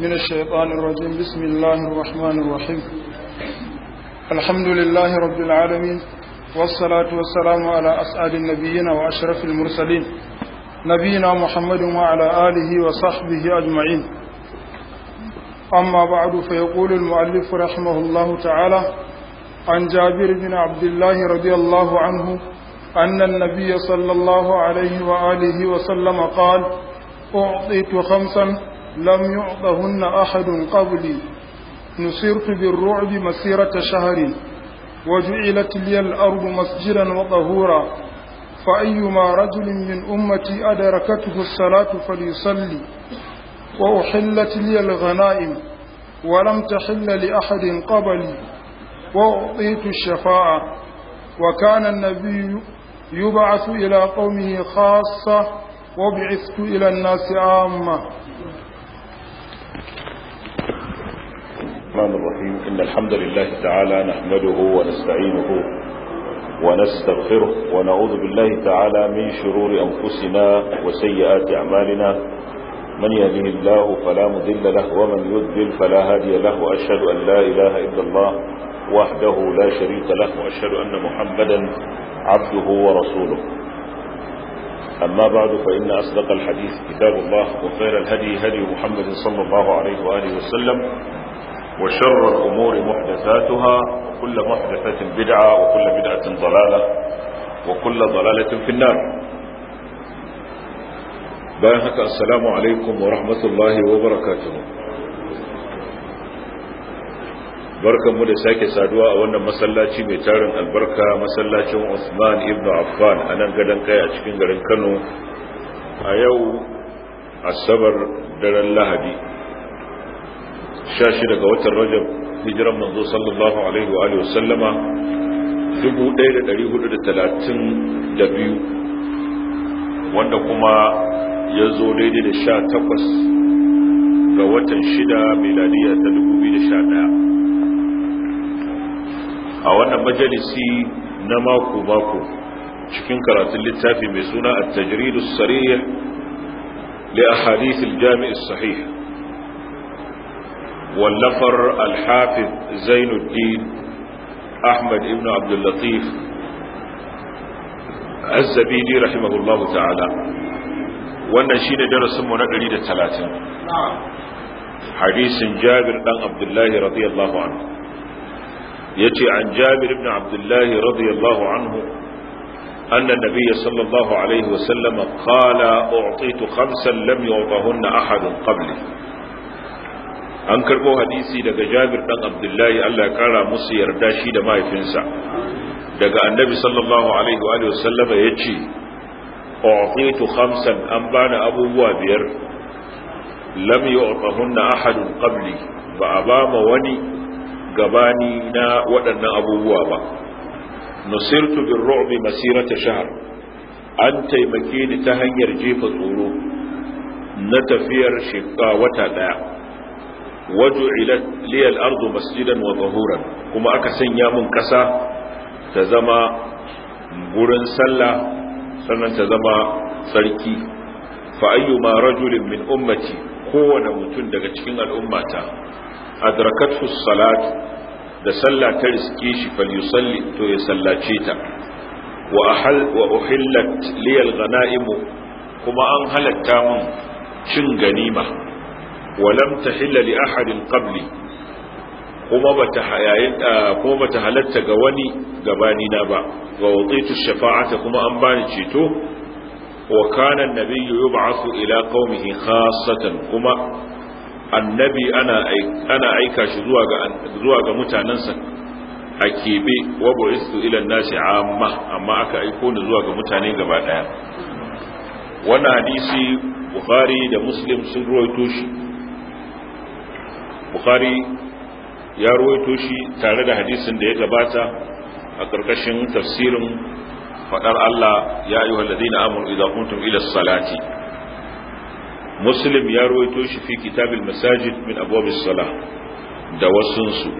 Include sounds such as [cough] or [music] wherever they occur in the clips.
من الشيطان الرجيم بسم الله الرحمن الرحيم الحمد لله رب العالمين والصلاة والسلام على أسعد النبيين وأشرف المرسلين نبينا محمد وعلى آله وصحبه أجمعين أما بعد فيقول المؤلف رحمه الله تعالى عن جابر بن عبد الله رضي الله عنه أن النبي صلى الله عليه وآله وسلم قال أعطيت خمسا لم يعطهن أحد قبلي نصرت بالرعب مسيرة شهر وجعلت لي الأرض مسجدا وطهورا فأيما رجل من أمتي أدركته الصلاة فليصلي وأحلت لي الغنائم ولم تحل لأحد قبلي وأعطيت الشفاعة وكان النبي يبعث إلى قومه خاصة وبعثت إلى الناس عامة الرحمن الرحيم إن الحمد لله تعالى نحمده ونستعينه ونستغفره ونعوذ بالله تعالى من شرور أنفسنا وسيئات أعمالنا من يهده الله فلا مذل له ومن يذل فلا هادي له وأشهد أن لا إله إلا الله وحده لا شريك له وأشهد أن محمدا عبده ورسوله أما بعد فإن أصدق الحديث كتاب الله وخير الهدي هدي محمد صلى الله عليه وآله وسلم وشر الأمور محدثاتها وكل محدثة بدعة وكل بدعة ضلالة وكل ضلالة في النار بايحك السلام عليكم ورحمة الله وبركاته barkan mu da sake saduwa a wannan masallaci mai tarin albarka masallacin Usman ibn Affan a nan gadon kai a cikin garin Kano a yau asabar daren Lahadi 16 ga watan rajab hijiran manzo sallallahu alaihi wa alihi wasallama 1432 wanda kuma ya zo daidai da 18 ga watan shida miladiya ta 2011 a wannan majalisi na mako-mako cikin karatun littafi mai suna a tajiridu sarih li ahadith al-jami' as-sahih والنفر الحافظ زين الدين أحمد ابن عبد اللطيف الزبيدي رحمه الله تعالى والنشين درس من أجليد الثلاثة نعم. حديث جابر بن عبد الله رضي الله عنه يتي عن جابر بن عبد الله رضي الله عنه أن النبي صلى الله عليه وسلم قال أعطيت خمسا لم يعطهن أحد قبلي an karɓo hadisi daga jabir ɗan abdullahi allah ya kara musu yarda shi da mahaifinsa daga annabi sallallahu alaihi wa sallama ya ce ƙwafetu hamsan an ba ni abubuwa biyar lam yi ƙwafahun na ahadun ƙabli ba a ba ma wani gabani na waɗannan abubuwa ba nusirtu bin ru'bi masirata shahar an taimake ni ta hanyar jefa tsoro na tafiyar shekka wata ɗaya waju'ilat liyal ardu masjidan wa tahuran kuma aka sanya mun kasa ta zama gurin sallah sannan ta zama sarki fa ayyuma rajulin min ummati kowane mutum daga cikin al'ummata adrakathu salat da sallah ta riske shi falyusalli to ya sallace ta wa ahal wa uhillat liyal ghanaim kuma an halatta mun cin ganima walam tahilla hilali ahadin qabli kuma bata ah, halarta ga wani gabani na ba wa wutitu shafa'ata kuma an bani ceto wa kana annabiyyu yub'athu ila qaumihi khassatan kuma annabi ana ana aika shi zuwa ga zuwa mutanansa a kebe wa bu'istu ila nasi amma amma aka aiko ni zuwa ga mutane gaba daya wannan hadisi bukhari da muslim sun ruwaito shi bukhari ya ruwaito shi tare da hadisin da ya gabata a ƙarƙashin tafsirin faɗar Allah ya yi wallazi na amur idza kuntum salati muslim ya ruwaito shi fi kitabil masajid min abwabis sala da wasunsu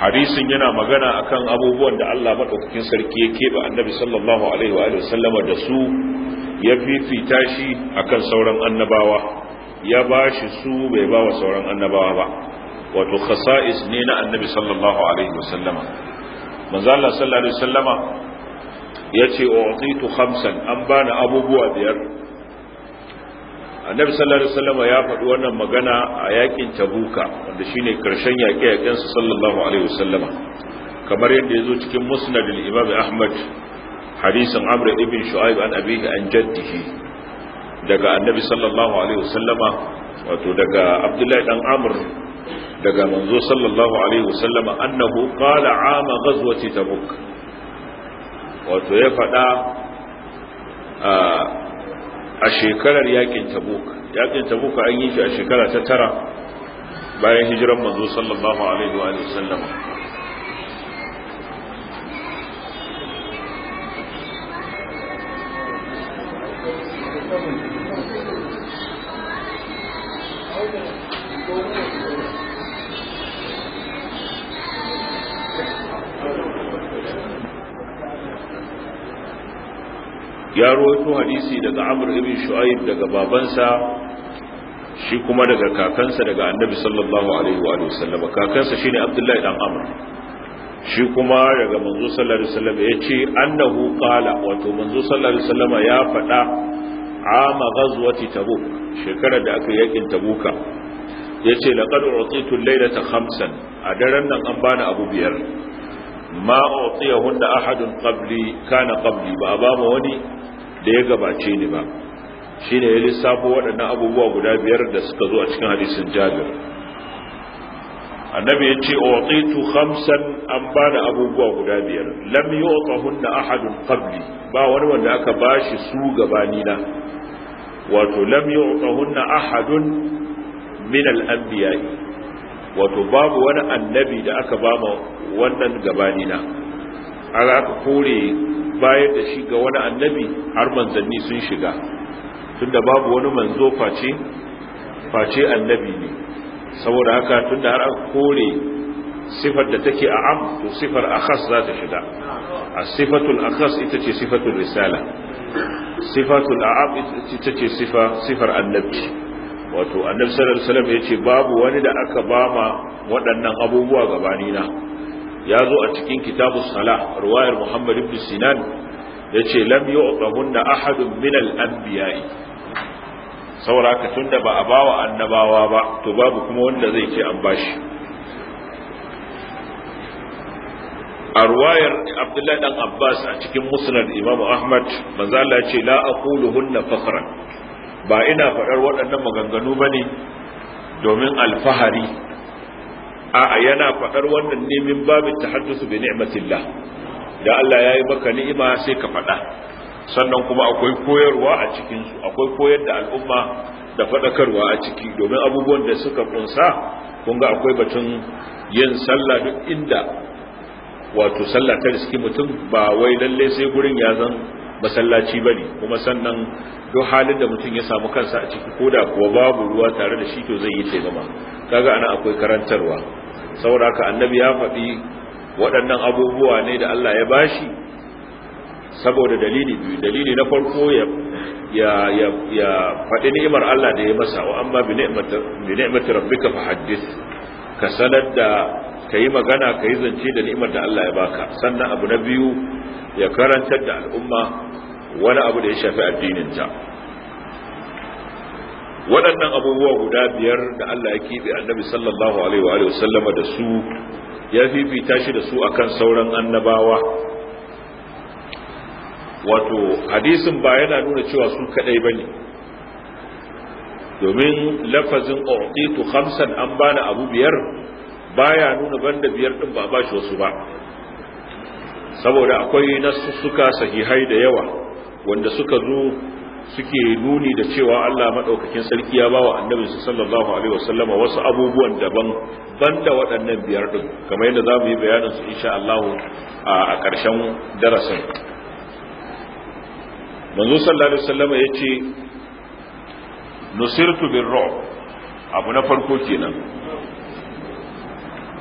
hadisin yana magana akan abubuwan da Allah madaukakin sarki ya keɓe annabi sallallahu alaihi wa sallama da su ya fifita shi akan sauran annabawa ya ba shi su bai ba wa sauran annabawa ba wato khasa'is ne na annabi sallallahu alaihi wasallama manzo Allah sallallahu alaihi wasallama yace u'titu khamsan an bani abubuwa biyar annabi sallallahu alaihi wasallama ya faɗi wannan magana a yakin tabuka wanda shine karshen yaƙe-yaƙen sallallahu alaihi wasallama kamar yadda ya zo cikin musnad al-imam ahmad hadisin amr ibn shu'aib an abihi an jaddihi daga annabi sallallahu alaihi wasallama wato daga abdullahi dan amr daga manzo sallallahu alaihi wasallama annahu qala ama ghazwati tabuk wato ya faɗa a shekarar yakin tabuk yakin tabuk an yi shi a shekara ta tara bayan hijiran manzo sallallahu alaihi wasallama ya rawaito hadisi daga amur ibn shu'aib daga babansa shi kuma daga kakansa daga annabi sallallahu alaihi wa sallam kakansa shi ne abdullahi dan amur shi kuma daga manzo sallallahu alaihi wasallam ce, annahu qala wato manzo sallallahu alaihi wasallam ya faɗa ama ghazwati tabuk shekarar da aka yakin tabuka yace laqad utitu al-laylata khamsan a daren nan an bani abu biyar ma utiyahunna ahadun qabli kana qabli ba ba wani da ya gabace ni ba shine ya lissafo waɗannan abubuwa guda biyar da suka zo a cikin hadisin Jabir annabi ya ce utitu khamsan an ba da abubuwa guda biyar lam yu'tahunna ahadun qabli ba wani wanda aka bashi su gabani na wato lam yu'tahunna ahadun min al-anbiya'i wato babu wani annabi da aka ba ma wannan gabani na an aka kore bayar da shi ga wani annabi har manzanni sun shiga tunda babu wani manzo face face annabi ne saboda haka tun da har aka kore sifar da take a am to sifar akhas za ta shiga a sifatul akhas ita ce sifatul risala sifatul a'ab ita ce sifar annabi wato annabi sallallahu alaihi wasallam yace babu wani da aka bama waɗannan abubuwa gabanina ya zo a cikin kitabu salah ruwayar muhammad ibn sinan yace lam yu'tahunna ahadun min al-anbiya'i saboda tunda ba a bawa annabawa ba to babu kuma wanda zai ce an bashi a ruwayar abdullahi dan abbas a cikin musnad imamu ahmad manzo Allah ya ce la aquluhunna fakhran ba ina faɗar waɗannan maganganu ba ne domin alfahari a yana faɗar wannan nemin babin haddasa bi ni'matillah da Allah ya yi maka ni'ima sai ka faɗa sannan kuma akwai koyarwa a cikinsu akwai koyar da al'umma da faɗakarwa a ciki domin abubuwan da suka kunsa kun ga akwai batun yin sallah duk inda wato sallah ta riski mutum ba wai lallai sai gurin ya zan masallaci ba ne kuma sannan duk halin da mutum ya samu kansa a ciki ko da kuwa babu ruwa tare da shi to zai yi taimama kaga ana akwai karantarwa saboda haka annabi ya faɗi waɗannan abubuwa ne da Allah ya bashi saboda dalili biyu dalili na farko ya ya ya, faɗi ni'imar Allah da ya masa wa amma bi ni'mati rabbika hadith ka sanar da kayi magana kayi zance da ni'imar da Allah ya baka sannan abu na biyu ya karantar da al'umma wani abu da ya shafi addininta waɗannan abubuwa guda biyar da Allah ya keɓe annabi sallallahu alaihi wa alihi sallama da su ya fifita shi da su akan sauran annabawa wato hadisin ba yana nuna cewa su kadai bane domin lafazin uqitu khamsan an bani abu biyar baya nuna banda biyar din ba ba shi wasu ba saboda akwai nasu suka sahihai da yawa wanda suka zo suke nuni da cewa Allah madaukakin sarki ya bawa annabi sallallahu alaihi wasallama wasu abubuwan daban da waɗannan biyar ɗin, kamar yadda za mu yi bayanin su insha Allah a ƙarshen darasin manzo sallallahu alaihi wasallama yace nusirtu birru abu na farko kenan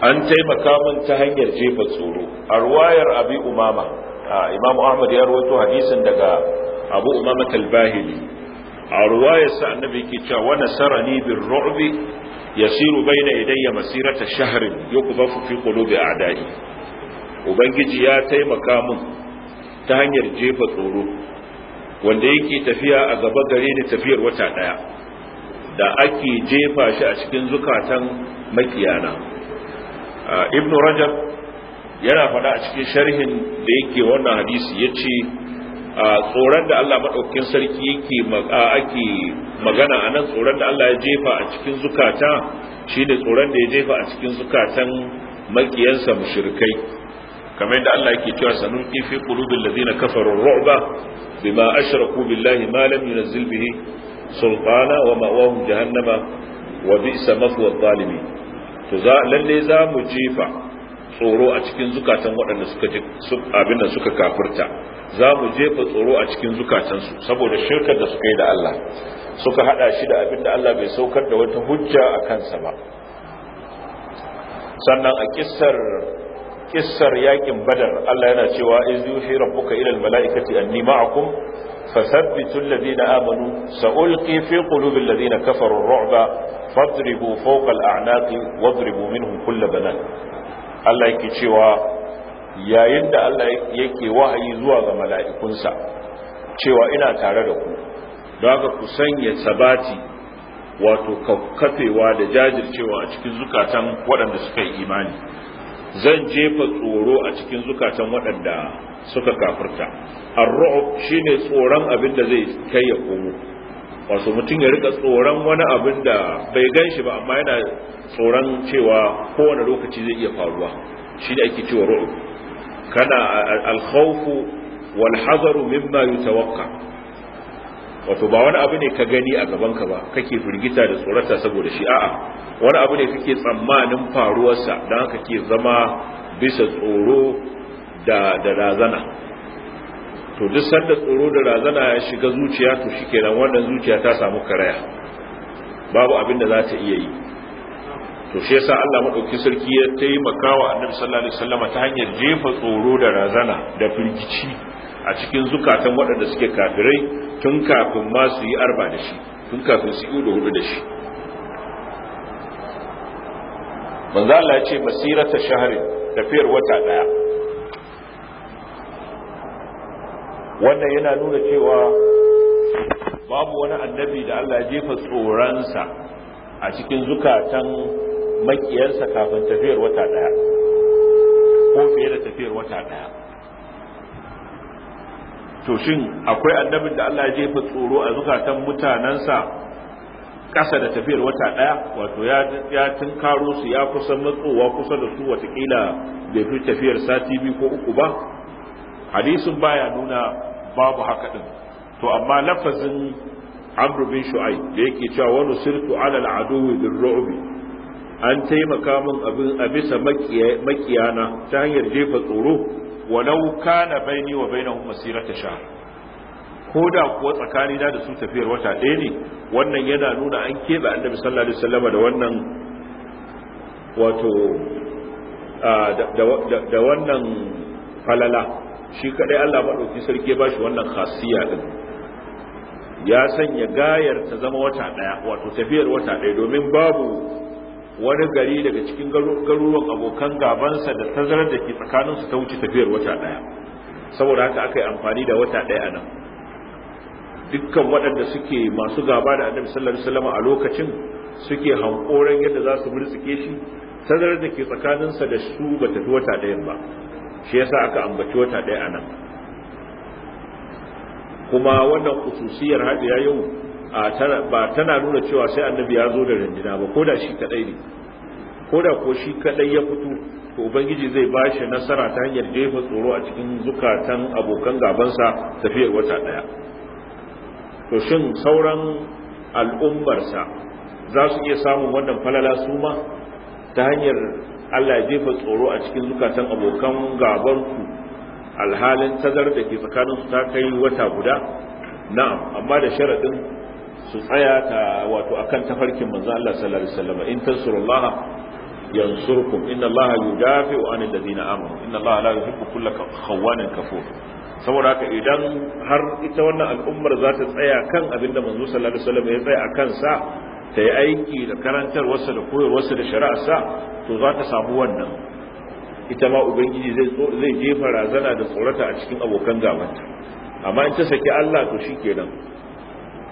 an taimaka min ta hanyar jefa tsoro a ruwayar abi umama imamu ahmad ya rawaito hadisin daga abu umama talbahili a ruwayar sa annabi ke cewa wa nasarani bil ru'bi yasiru baina idayya masirata shahrin yukbafu fi qulubi a'da'i ubangiji ya taimaka mun ta hanyar jefa tsoro wanda yake tafiya a gaba gare ni tafiyar wata daya da ake jefa shi a cikin zukatan makiyana ibn rajab yana faɗa a cikin sharhin da yake wannan hadisi ya ce tsoron da Allah maɗaukakin sarki yake ake magana a nan tsoron da Allah ya jefa a cikin zukata shi ne tsoron da ya jefa a cikin zukatan makiyansa mushrikai kamar da Allah yake cewa sanun fi qulubil ladina kafaru ru'ba bima ashraku billahi ma lam yunzil bihi sultana wa ma'awahum jahannama wa bi'sa mathwa adh-dhalimin to za lalle za mu jefa tsoro a cikin zukatan waɗanda suka ji abin da suka kafirta za mu jefa tsoro a cikin zukatansu saboda shirkar da suka yi da Allah suka hada shi da abin da Allah bai saukar da wata hujja a kansa ba sannan a kissar kissar yakin badar Allah yana cewa iz yuhi rabbuka ila al malaikati anni ma'akum fasabbitu alladhina amanu sa'ulqi fi qulubi alladhina kafaru ar-ru'ba fadribu fawqa al a'naqi wadribu minhum kull banan Allah yake cewa yayin da Allah yake wahayi zuwa ga mala'ikunsa cewa ina tare da ku don haka ku sanya sabati wato kafewa da jajircewa a cikin zukatan waɗanda suka yi imani zan jefa tsoro a cikin zukatan waɗanda suka kafirta ar shine tsoron abin da zai kai ya komo wato mutum ya rika tsoron wani abin da bai gan shi ba amma yana tsoron cewa kowane lokaci zai iya faruwa shi da ake cewa ro'u kana alkhawfu wal hazaru mimma yutawakka wato ba wani abu ne ka gani a gaban ka ba kake firgita da tsorata saboda shi a'a wani abu ne kake tsammanin faruwarsa don haka ke zama bisa tsoro da da razana to duk sanda tsoro da razana ya shiga zuciya to shikenan wannan zuciya ta samu karaya babu abin da za ta iya yi to shi yasa Allah madauki sarki ya taimaka wa Annabi sallallahu alaihi wasallam ta hanyar jefa tsoro da razana da firgici a cikin zukatan waɗanda suke kafirai tun kafin ma su yi arba da shi tun kafin su yi hudu da shi manzo Allah ya ce basirata shahrin tafiyar wata daya wannan yana nuna cewa babu wani annabi da Allah ya jefa tsoronsa a cikin zukatan makiyarsa kafin tafiyar wata daya ko fiye da tafiyar wata daya to shin akwai annabin da Allah ya jefa tsoro a zukatan mutanensa ƙasa da tafiyar wata ɗaya wato ya tunkaro su ya kusan matsowa kusa da su watakila bai fi tafiyar sati biyu ko uku ba hadisin baya nuna babu haka din to amma lafazin amr bin shu'aib da yake cewa wani sirtu ala al-aduwi ru'bi an taimaka min abin a bisa makiyana ta hanyar jefa tsoro walau kana baini wa bainahum masirata shahr ko da kuwa tsakani na da su tafiyar wata ɗaya ne wannan yana nuna an keɓe annabi sallallahu alaihi wasallam da wannan wato da wannan falala shi kadai Allah maɗauki sarki ba shi wannan khasiya din ya sanya gayar ta zama wata ɗaya wato tafiyar wata ɗaya domin babu wani gari daga cikin garuruwan abokan gabansa da tazarar da ke tsakaninsu ta wuce tafiyar wata ɗaya saboda haka aka yi amfani da wata ɗaya a nan dukkan waɗanda suke masu gaba da annabi sallallahu alaihi wasallam a lokacin suke hankoran yadda za su murtsike shi tazarar da ke tsakaninsa da su ba tafi wata ɗayan ba shi yasa aka ambaci wata ɗaya anan. kuma wannan kususiyar hajiya yau ba tana nuna cewa sai annabi ya zo da rindina ba ko da shi kadai ne ko da ko shi kadai ya fito to ubangiji zai ba shi nasara ta hanyar jefa tsoro a cikin zukatan abokan gabansa tafiyar wata ɗaya. to shin sauran al'ummarsa za su iya samun wannan falala su ma ta hanyar Allah ya jefa tsoro a cikin zukatan abokan gabanku alhalin tazar da ke tsakaninsu ta kai wata guda na'am amma da sharaɗin su tsaya ta wato akan tafarkin manzo Allah sallallahu alaihi wasallam in tansurullah yansurkum inna Allah yudafi'u anil ladina amanu inna Allah la yuhibbu kulla khawanin kafur saboda haka idan har ita wannan al'ummar za ta tsaya kan abin da manzo sallallahu alaihi wasallam ya tsaya akan sa ta yi aiki da karantar wasu da koyarwarsa da shari'arsa to za ta samu wannan ita ma ubangiji zai jefa razana da tsorata a cikin abokan gabanta amma in ta saki Allah to shi kenan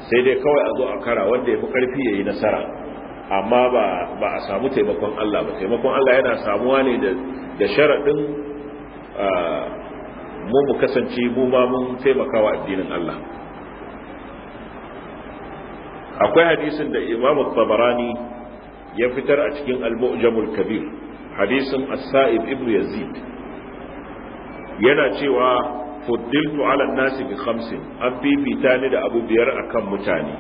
sai dai kawai a zo a kara wanda ya fi karfi ya yi nasara amma ba a samu taimakon Allah ba taimakon Allah yana samuwa ne da sharaɗin ah, mu mu kasance mu ma mun taimakawa addinin Allah akwai hadisin da imamu tabarani ya fitar a cikin al-mu'jamul kabir hadisin as-sa'ib ibn yazid yana cewa fuddiltu ala nasi bi khamsin an bibita ni da abu biyar akan mutane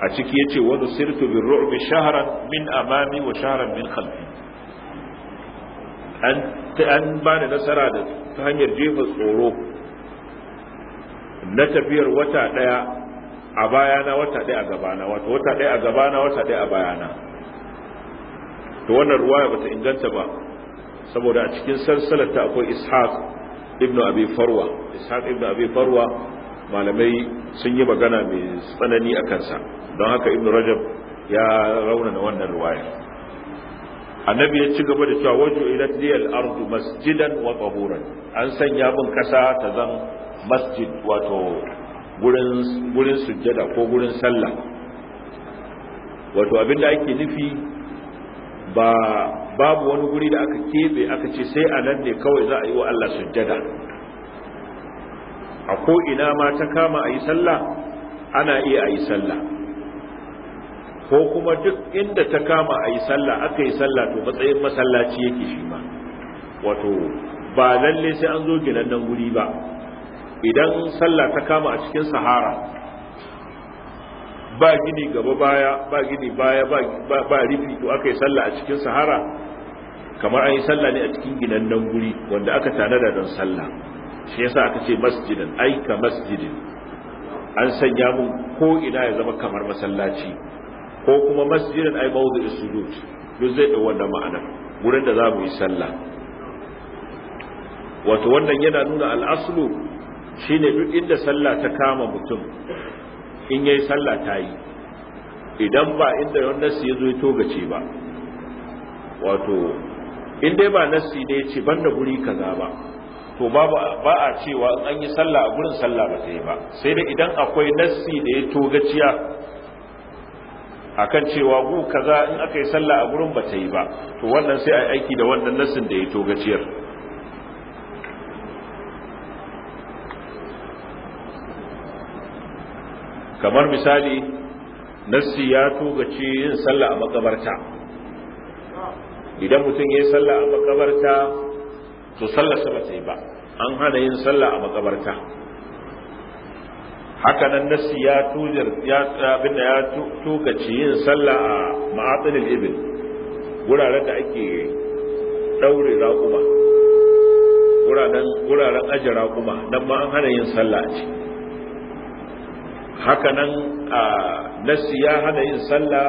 a ciki yace wa nusirtu bir ru'bi shahran min amami wa shahran min khalfi an an bani nasara da ta hanyar jefa tsoro na tafiyar wata daya a bayana wata ɗaya a gabana wato wata ɗaya a gabana wata ɗaya a bayana to wannan ruwaya bata inganta ba saboda a cikin salsalar ta akwai ishaq ibnu abi farwa ishaq ibnu abi farwa malamai sun yi magana mai tsanani a kansa don haka ibnu rajab ya rauna na wannan ruwaya annabi ya ci gaba da cewa waju ila diyal ardu masjidan wa tahuran an sanya bin kasa ta zan masjid wato gurin sujjada ko gurin sallah wato abinda ake nufi ba babu wani guri da aka keɓe aka ce sai a nan ne kawai za a yi wa Allah sujjada a ko'ina ma ta kama a yi sallah ana iya a yi sallah ko kuma duk inda ta kama a yi sallah aka yi sallah to matsayin masallaci yake shi ma wato ba lalle sai an zo ginan nan guri ba idan sallah ta kama a cikin sahara ba gini gaba baya ba gini baya ba rifi to aka yi sallah a cikin sahara kamar an yi sallah ne a cikin ginannen guri wanda aka tanada don sallah shi yasa aka ce masjidan aika masjidin an sanya mun ko ina ya zama kamar masallaci ko kuma masjidan ai da sujud duk zai da wannan ma'ana gurin da za mu yi sallah wato wannan yana nuna al'aslu Shi ne duk inda sallah ta kama mutum in yayi sallah ta yi idan ba inda yawan nassi ya zo ya togace ba wato in dai ba nassi ne ce ban da guri kaza ba to ba a cewa in an yi sallah a gurin sallah ba ta yi ba sai da idan akwai nassi da ya togaciya akan cewa gu kaza in aka yi sallah a gurin ba ta yi ba to wannan sai a aiki da wannan nassin da ya togaciyar kamar misali nassi ya togace yin sallah a makabarta idan mutum ya yi sallah a makabarta to sallah ba ta yi ba an hana yin sallah a makabarta haka nan nassi ya tujar ya abinda ya togace yin sallah a ma'atilil ibil wuraren da ake daure raƙuma wuraren ajiye raƙuma don ma an hana yin sallah a ciki hakanan a Nasi ya hana yin sallah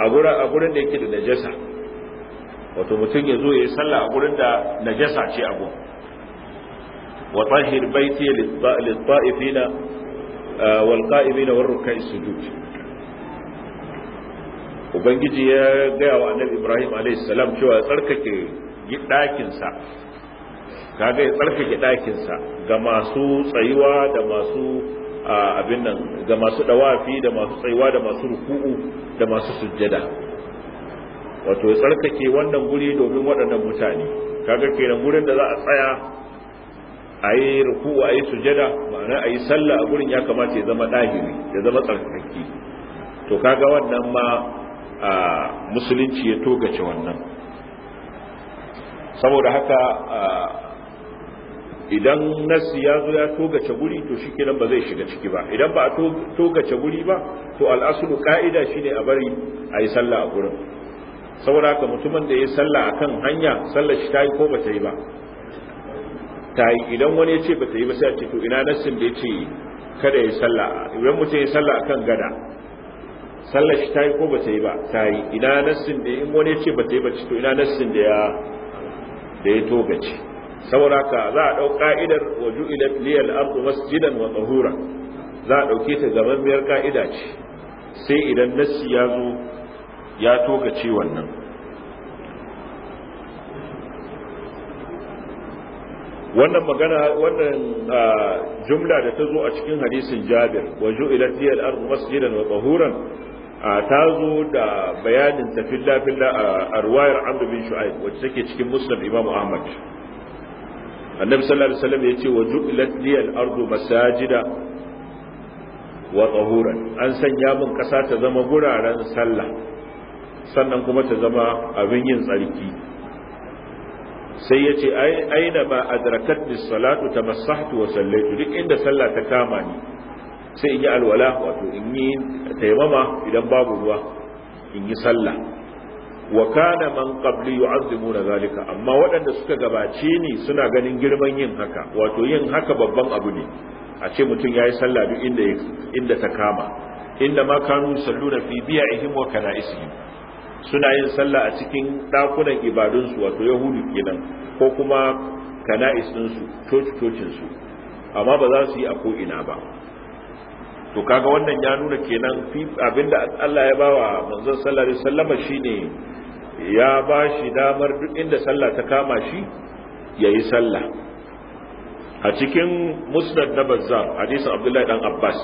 a gurin da yake da najasa wato mutum ya zo ya yi sallah a gurin da najasa ce a gun wa tahir baiti lit-ta'ifina wal qa'imina war ruk'i sujud ubangiji ya gaya wa annabi ibrahim alayhi salam cewa tsarkake ɗakinsa kaga ya tsarkake ɗakinsa ga masu tsayuwa da masu abin nan ga masu dawafi da masu tsayuwa da masu ruku'u da masu sujjada wato ya tsarkake wannan guri domin waɗannan mutane kaga kenan gurin da za a tsaya ayi ruku'u ayi yi sujjada ma'ana a sallah a gurin ya kamata ya zama ɗahiri ya zama tsarkake to kaga wannan ma musulunci ya togace wannan saboda haka idan nasi ya zo ya togace guri to shi kenan ba zai shiga ciki ba idan ba a togace guri ba to al'asulu ka'ida shi ne a bari a yi sallah a gurin saboda haka mutumin da ya sallah a kan hanya sallah shi ta yi ko ba ta yi ba ta yi idan wani ya ce ba ta yi ba sai a ce to ina nassin da ya ce kada ya sallah idan mutum ya sallah a kan gada sallah shi ta yi ko ba ta yi ba ta yi ina nassin da in wani ya ce ba ta yi ba to ina nassin da ya da ya togace saboda ka za a ɗau ka'idar wa ju'ilat liyal ardu masjidan wa tahura za a ɗauke ta biyar ka'ida ce sai idan nassi ya zo ya toka ce wannan wannan magana wannan jumla da ta zo a cikin hadisin jabir wa ju'ilat liyal ardu masjidan wa tahuran ta zo da bayanin tafilla filla a ruwayar amr bin shu'aib wacce take cikin muslim imam ahmad annabi sallallahu alaihi wasallam yace wa ju'ilat liyal ardu masajida wa tahuran an sanya min kasa ta zama guraren sallah sannan kuma ta zama abin yin tsarki sai ya ce aina ba adrakat bis salatu tamassahtu wa sallaitu duk inda sallah ta kama ni sai in yi alwala wato in yi taimama idan babu ruwa in yi sallah wa kana man qabli yu'azzimuna zalika amma waɗanda suka gabace ni suna ganin girman yin haka wato yin haka babban abu ne a ce mutum yayi sallah duk inda inda ta kama inda ma kanu salluna fi bi'ihim wa kana'isihim suna yin sallah a cikin ɗakunan su wato yahudu kenan ko kuma su ɗinsu coci-cocinsu amma ba za su yi a ko'ina ba to kaga wannan ya nuna kenan abinda Allah ya bawa manzon sallallahu alaihi wasallam shine ya ba shi damar duk inda sallah ta kama shi yayi sallah a cikin musnad na bazzar hadisin abdullahi dan abbas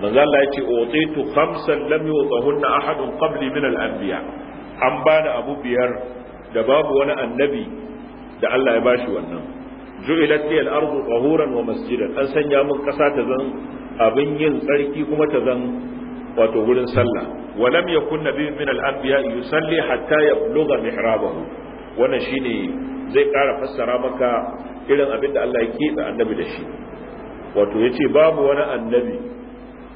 manzon Allah ya ce utitu khamsan lam yutahunna ahadun qabli min al-anbiya an bada abu biyar da babu wani annabi da Allah ya bashi wannan ju'ilat li al-ardu tahuran wa masjidan an sanya mun kasa ta zan abin yin tsarki kuma ta zan wato gurin sallah wa lam yakun nabiy min al-anbiya yusalli hatta yabluga mihrabahu wannan shine zai ƙara fassara maka irin abin da Allah ya keɓe annabi da shi wato yace babu wani annabi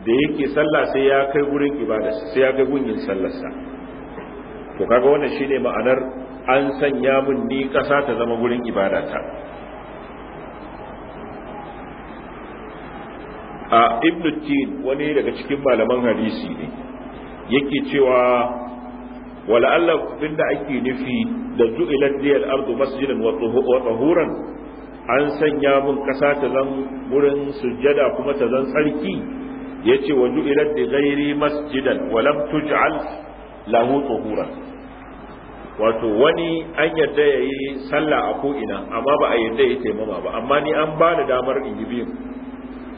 da yake sallah sai ya kai gurin ibadarsa sai ya kai gunyin sallarsa to kaga wannan shine ma'anar an sanya mun ni kasa ta zama gurin ibadata a ibn tin wani daga cikin malaman hadisi ne yake cewa wala'alla binda ake nufi da ju'ilat liyal ardu masjidan wa tahuran an sanya mun kasa ta zan wurin sujjada kuma ta zan tsarki yace wa ju'ilat li ghairi masjidan wa tuj'al lahu tahuran wato wani an yarda yayi sallah a ko'ina, amma ba a yarda yi taimama ba amma ni an ba da damar in yi biyu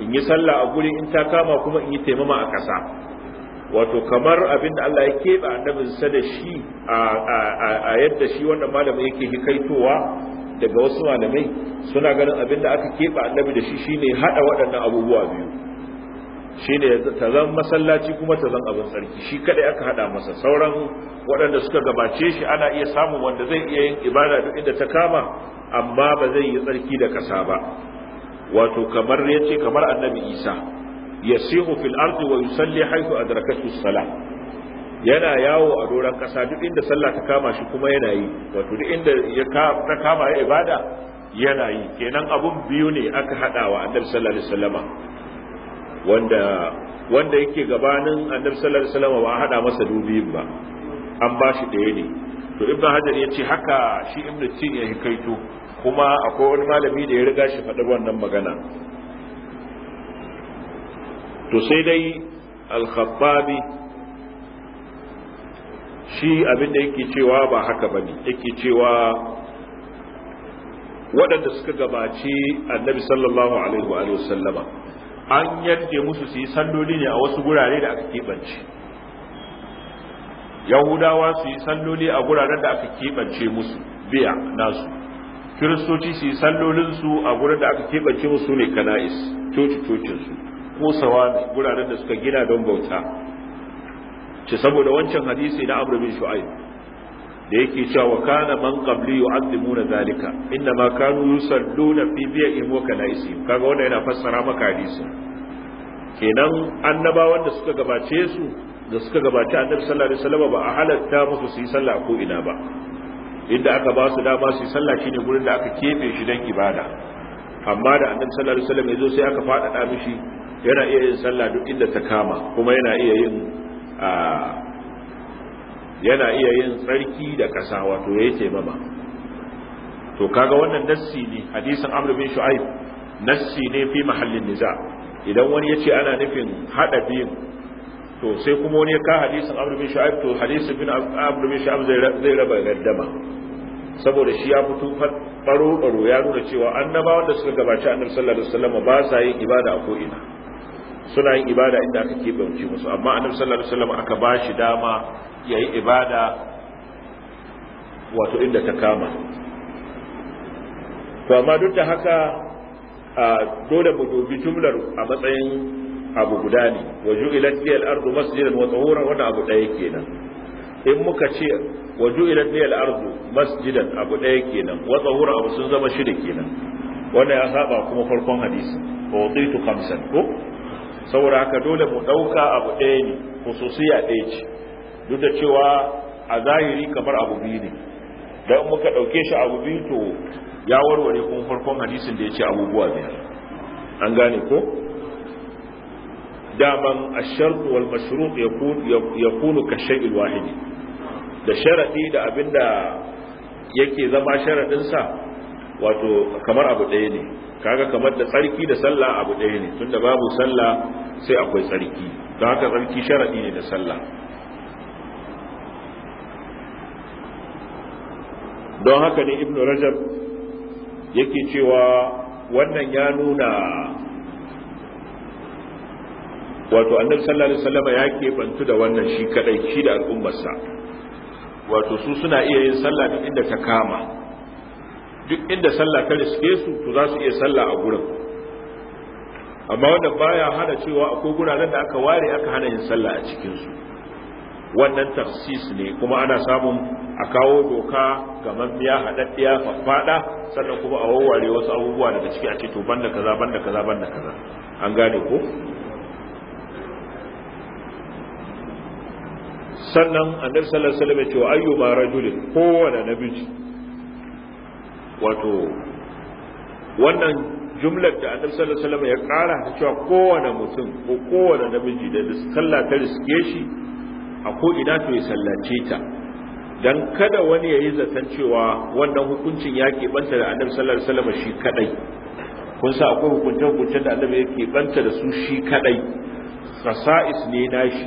in yi sallah a guri in ta kama kuma in yi taimama a ƙasa wato kamar abin da Allah ya keɓe sa da shi a yadda shi wanda malamai yake hikaitowa daga wasu malamai suna ganin abin da aka keɓe annabi da shi shine haɗa waɗannan abubuwa biyu shine ta zan masallaci kuma ta zan abin tsarki shi kaɗai aka haɗa masa sauran waɗanda suka gabace shi ana iya samun wanda zai iya yin ibada duk inda ta kama amma ba zai yi tsarki da kasa ba wato kamar ya ce kamar annabi isa yasihu fil ardi wa yusalli haythu adrakatu salah yana yawo a doron kasa duk inda sallah ta kama shi kuma yana yi wato duk inda ya ta kama ya ibada yana yi kenan abun biyu ne aka hadawa annabi sallallahu alaihi wasallama wanda wanda yake gabanin annabi sallallahu alaihi wasallama ba a hada masa dubi ba an ba shi ɗaya ne to ibnu hajar ya ce haka shi ibnu tin ya hikaito kuma akwai wani malami da ya riga shi faɗar wannan magana to sai dai alkhattabi shi abin da yake cewa ba haka bane yake cewa waɗanda suka gabace annabi sallallahu alaihi wa sallama an yadda musu su yi salloli ne a wasu gurare da aka keɓance yahudawa su yi salloli a guraren da aka keɓance musu biya nasu kiristoci su yi sallolinsu a gurin da aka keɓance musu ne kana'is coci cocinsu ko sawa guraren da suka gina don bauta ce saboda wancan hadisi na amr bin shu'aib da yake cewa wa kana man qabli na zalika inda ma kanu yusalluna fi bi'ihim wa kana'isihim kaga wannan yana fassara maka hadisi kenan annabawan da suka gabace su da suka gabaci annabi sallallahu alaihi wasallam ba a halatta musu su yi sallah ko ina ba inda aka ba su dama su sallah ne gurin da aka kefe shi dan ibada amma da annabi sallallahu alaihi wasallam yazo sai aka faɗaɗa mishi yana iya yin sallah duk inda ta kama kuma yana iya yin yana iya yin tsarki da kasa wato yayi taimama to kaga wannan nassi ne hadisin amr bin shu'aib nassi ne fi mahallin niza idan wani ya ce ana nufin hada biyun to sai kuma wani ya ka hadisin abu bin shu'aib to hadisin bin abu bin shu'aib zai raba gaddama saboda shi ya fito baro baro ya nuna cewa annabawan da suka gabaci annabi sallallahu alaihi wasallam ba sa yin ibada a ko'ina suna yin ibada inda aka keɓance musu amma annabi sallallahu alaihi wasallam aka ba shi dama ya yi ibada wato inda ta kama to amma duk da haka dole mu dubi jumlar a matsayin abu guda ne wa ju'ilat liyal ardu masjidan wa tahura wa abu daya kenan in muka ce wa ju'ilat liyal ardu masjidan abu daya kenan wa tahura abu sun zama shida kenan wanda ya saba kuma farkon hadisi wa utitu khamsan ko saboda haka dole mu dauka abu daya ne khususiya daya ce duk da cewa a zahiri kamar abu biyu ne dan muka dauke shi abu biyu to ya warware kuma farkon hadisin da ya ce abubuwa biyar an gane ko daman ashartu wal mashruq yakunu ka shay'il wahidi da sharadi da abinda yake zama sharadin sa wato kamar abu ɗaya ne kaga kamar da tsarki da sallah abu ɗaya ne tunda babu sallah sai akwai tsarki don haka tsarki sharadi ne da sallah don haka ne ibnu rajab yake cewa wannan ya nuna wato annabi sallallahu alaihi wasallam ya bantu da wannan shi kadai shi da al'ummarsa wato su suna iya yin sallah duk inda ta kama duk inda sallah ta riske su to za su iya sallah a gurin amma wanda baya hana cewa akwai guraren da aka ware aka hana yin sallah a cikin su wannan tafsis ne kuma ana samun a kawo doka ga mafiya haɗaɗɗiya faɗa sannan kuma a wawware wasu abubuwa daga ciki a ce to banda kaza banda kaza banda kaza an gane ko sannan annabi sallallahu alaihi wasallam ya ce ayyuma rajulin kowane namiji wato wannan jumlar da annabi sallallahu alaihi wasallam ya kara ta cewa kowane mutum ko kowane namiji da sallah ta riske shi a ko ina to ya sallace ta dan kada wani yayi zaton cewa wannan hukuncin ya keɓanta da annabi sallallahu alaihi wasallam shi kadai kun sa akwai hukuncin hukuncen da annabi ya keɓanta da su shi kadai khasa'is ne nashi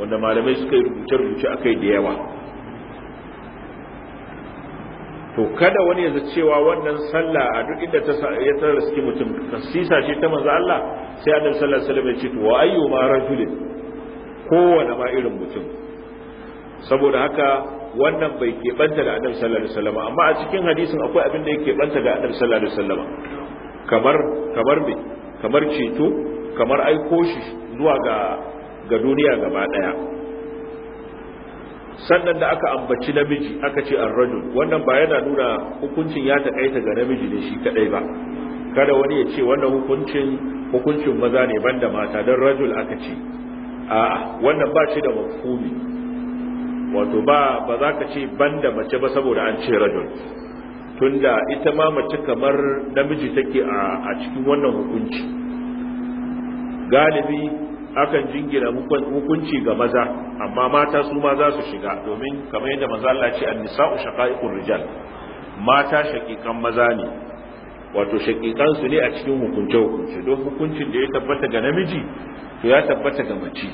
wanda malamai suka yi rubuce-rubuce a kai da yawa to kada wani ya cewa wannan sallah a duk inda ta ya tsara riski mutum kasisa ce ta manzo Allah sai annabi sallallahu alaihi wasallam ya ce to wa ayyu ma rajulin kowane ma irin mutum saboda haka wannan bai banta da annabi sallallahu alaihi wasallam amma a cikin hadisin akwai abin da yake banta da annabi sallallahu alaihi wasallam kamar kamar me kamar ceto kamar aiko shi zuwa ga ga duniya gaba daya sannan da aka ambaci namiji aka ce an rajul wannan ba yana nuna hukuncin ya takaita ga namiji ne shi kadai ba kada wani ya ce wannan hukuncin hukuncin maza ne banda mata dan rajul aka ce a'a wannan ba shi da mafhumi wato ba ba za ka ce banda mace ba saboda an ce rajul tunda ita ma mace kamar namiji take a cikin wannan hukunci galibi akan jingina hukunci ga maza amma mata su ma za su shiga domin kamar yadda maza Allah ce annisa'u shaqaiqur rijal mata shaqiqan maza ne wato shaqiqan su ne a cikin hukunce hukunci don hukuncin da ya tabbata ga namiji to ya tabbata ga mace